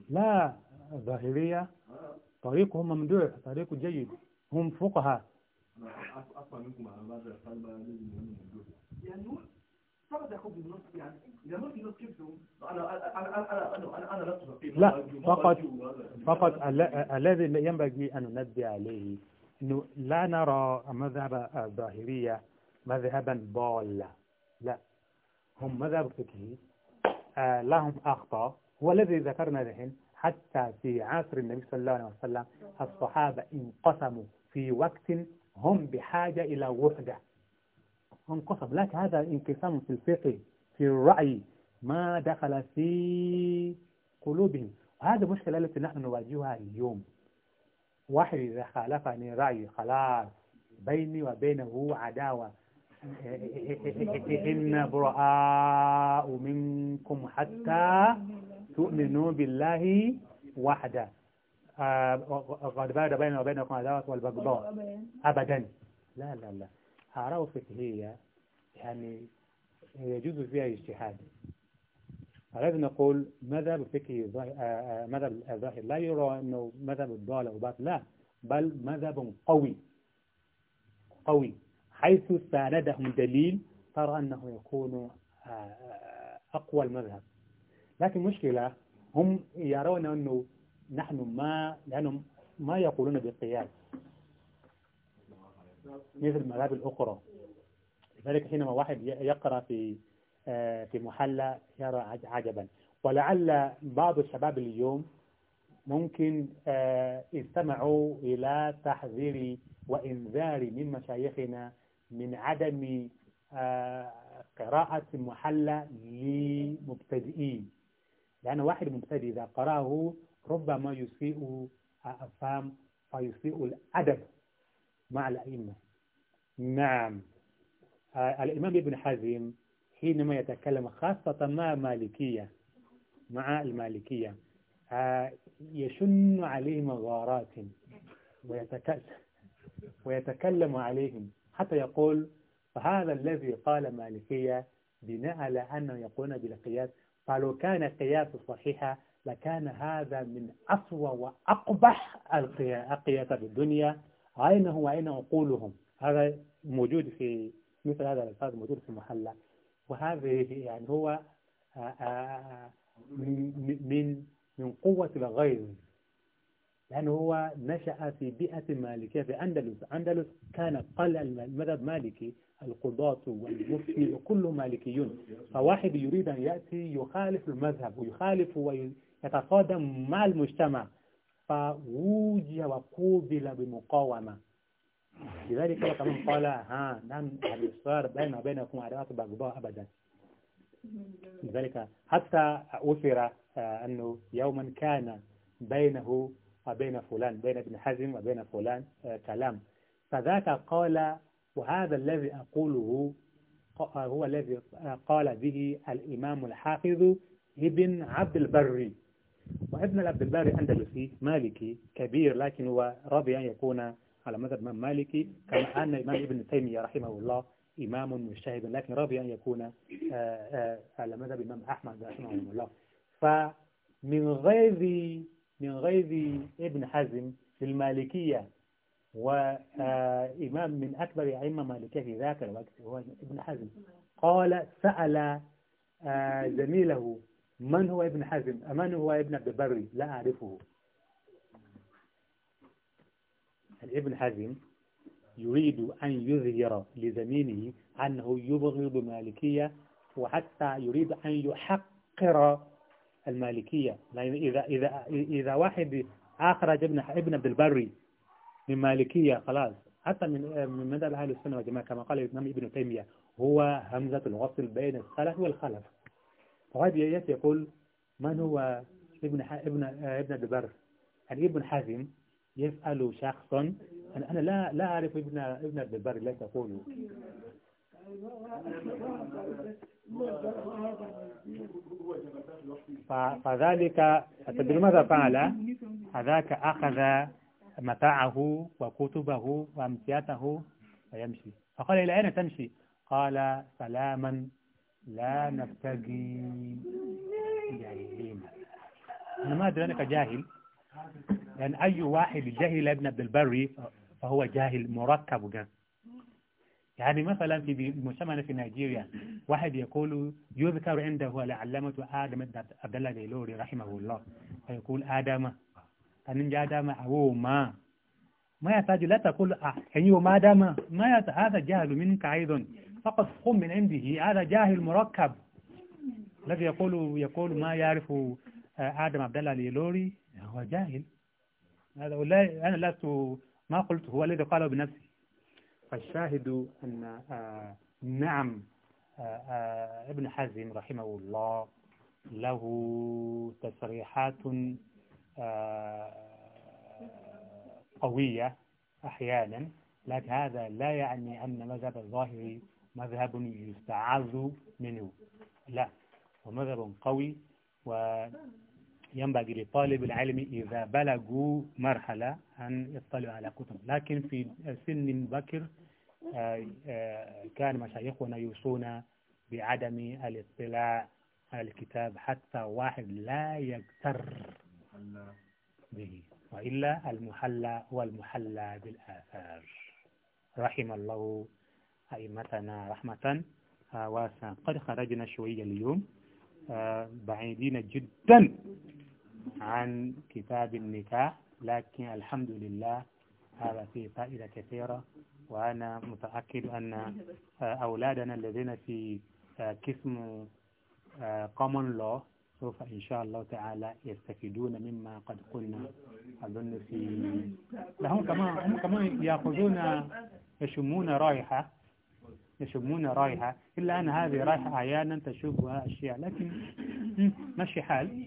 لا ظاهرية طريقهم ممدوح طريقه جيد هم فقهاء أقوى منكم على ماذا بعض الطلبة لازم يكونوا يعني هو فرض ياخد بالنص يعني إذا ما في نص كبتهم أنا أنا أنا أنا أنا أنا لا لا فقط فقط الذي ينبغي أن ننبه عليه إنه لا نرى مذهب الظاهرية مذهبا ضالا لا هم مذهب فقهي آه، لهم أخطاء هو الذي ذكرنا الحين حتى في عصر النبي صلى الله عليه وسلم الصحابة انقسموا في وقت هم بحاجة إلى وحدة انقسم لكن هذا انقسام في الفقه في الرأي ما دخل في قلوبهم وهذا مشكلة التي نحن نواجهها اليوم واحد إذا خالفني رأي خلاص بيني وبينه عداوة إن براء منكم حتى تؤمنوا بالله وحده آه، قد بعد بيننا وبينكم العداوة والبغضاء أبدا لا لا لا آراء فقهية يعني يجوز فيها اجتهاد فلازم نقول مذهب فقهي آه، آه، مذهب الظاهر لا يرى أنه مذهب بالضالة وباطل لا بل مذهب قوي قوي حيث ساندهم دليل ترى أنه يكون أقوى المذهب لكن مشكلة هم يرون أنه نحن ما لأنهم ما يقولون بالقياس مثل المذاهب الأخرى لذلك حينما واحد يقرأ في آه، في محلى يرى عجبا ولعل بعض الشباب اليوم ممكن آه، استمعوا إلى تحذير وإنذار من مشايخنا من عدم آه، قراءة محلى لمبتدئين لأن واحد مبتدئ إذا قرأه ربما يسيء الفهم فيسيء الأدب مع الأئمة نعم آه الإمام ابن حزم حينما يتكلم خاصة مع المالكية مع المالكية آه يشن عليهم غارات ويتكلم ويتكلم عليهم حتى يقول فهذا الذي قال مالكية بناء على أنه يقول بلقيات قالوا كان قياس صحيحا لكان هذا من أسوأ وأقبح القياس في الدنيا أين هو أين عقولهم هذا موجود في مثل هذا الألفاظ موجود في المحلة وهذا يعني هو من من قوة الغيظ لأنه هو نشأ في بيئة مالكية في أندلس أندلس كان قل المذهب مالكي القضاة والمفتي وكل مالكيون فواحد يريد أن يأتي يخالف المذهب ويخالف ويتصادم مع المجتمع فوجه وقوبل بمقاومة لذلك هو كمان قال ها نعم الإصرار بين بينكم عداوات بغضاء أبدا لذلك حتى أثر آه، أنه يوما كان بينه وبين فلان بين ابن حزم وبين فلان آه، كلام فذاك قال وهذا الذي أقوله هو الذي قال به الإمام الحافظ ابن عبد البري وابن عبد البري أندلسي مالكي كبير لكن هو راضي أن يكون على مذهب الإمام مالكي كما أن الإمام ابن تيمية رحمه الله إمام مجتهد لكن راضي أن يكون آه، آه، على مذهب الإمام أحمد رحمه الله فمن غير من غير ابن حزم في المالكية وإمام من أكبر أئمة مالكية في ذاك الوقت هو ابن حزم قال سأل آه، زميله من هو ابن حزم من هو ابن عبد البر لا أعرفه ابن حزم يريد أن يظهر لزميله أنه يبغض مالكية وحتى يريد أن يحقر المالكية يعني إذا, إذا, إذا واحد أخرج ابن, ابن عبد البري من مالكية خلاص حتى من آه، من مدى أهل السنة والجماعة كما قال الإمام ابن تيمية هو همزة الوصل بين السلف والخلف فهذا طيب، يقول من هو ابن ح... ابن آه، ابن البر يعني ابن حزم يسأل شخصا أنا, أنا لا لا أعرف ابن ابن البر لا تقول فذلك تدري ماذا فعل هذاك أخذ متاعه وكتبه وامتياته ويمشي فقال إلى أين تمشي قال سلاما لا نبتغي جاهلين أنا ما أدري أنك جاهل لأن يعني أي واحد جاهل ابن عبد البري فهو جاهل مركب جاهل يعني مثلا في مجتمعنا في نيجيريا واحد يقول يذكر عنده العلامة آدم عبد الله ديلوري رحمه الله فيقول آدم أن جادما أو ما ما يحتاج لا تقول أحيي آه، ما دام ما هذا جاهل منك أيضا فقط قم من عنده هذا جاهل مركب الذي يقول يقول ما يعرف آه، آدم عبد الله ليلوري هو جاهل هذا ولا أنا لست ما قلت هو الذي قاله بنفسه فالشاهد أن آه، نعم ابن حزم رحمه الله له تصريحات آه، قوية أحيانا لكن هذا لا يعني أن مذهب الظاهري مذهب يستعذ منه لا هو مذهب قوي وينبغي لطالب العلم إذا بلغوا مرحلة أن يطلعوا على كتب لكن في سن بكر آه، آه، كان مشايخنا يوصون بعدم الاطلاع على الكتاب حتى واحد لا يغتر به وإلا المحلى والمحلى بالآثار رحم الله أئمتنا رحمة آه، واسعة قد خرجنا شوية اليوم آه، بعيدين جدا عن كتاب النكاح لكن الحمد لله هذا فيه فائدة كثيرة وأنا متأكد أن آه، أولادنا الذين في قسم common law سوف إن شاء الله تعالى يستفيدون مما قد قلنا أظن في لهم كمان هم كمان يأخذون يشمون رائحة يشمون رائحة إلا أن هذه رائحة أحيانا تشوبها أشياء لكن ماشي حال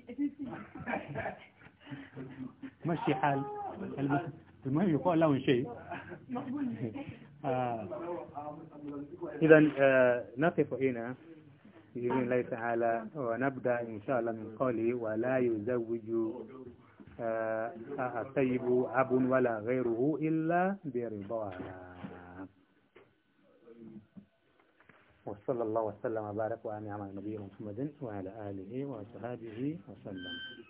ماشي حال المهم يقول لهم شيء آه. إذا آه نقف هنا بإذن الله تعالى ونبدأ إن شاء الله من قوله ولا يزوج الطيب آه، أب ولا غيره إلا برضاها وصلى الله وسلم وبارك وأنعم على نعم نبينا محمد وعلى آله وصحبه وسلم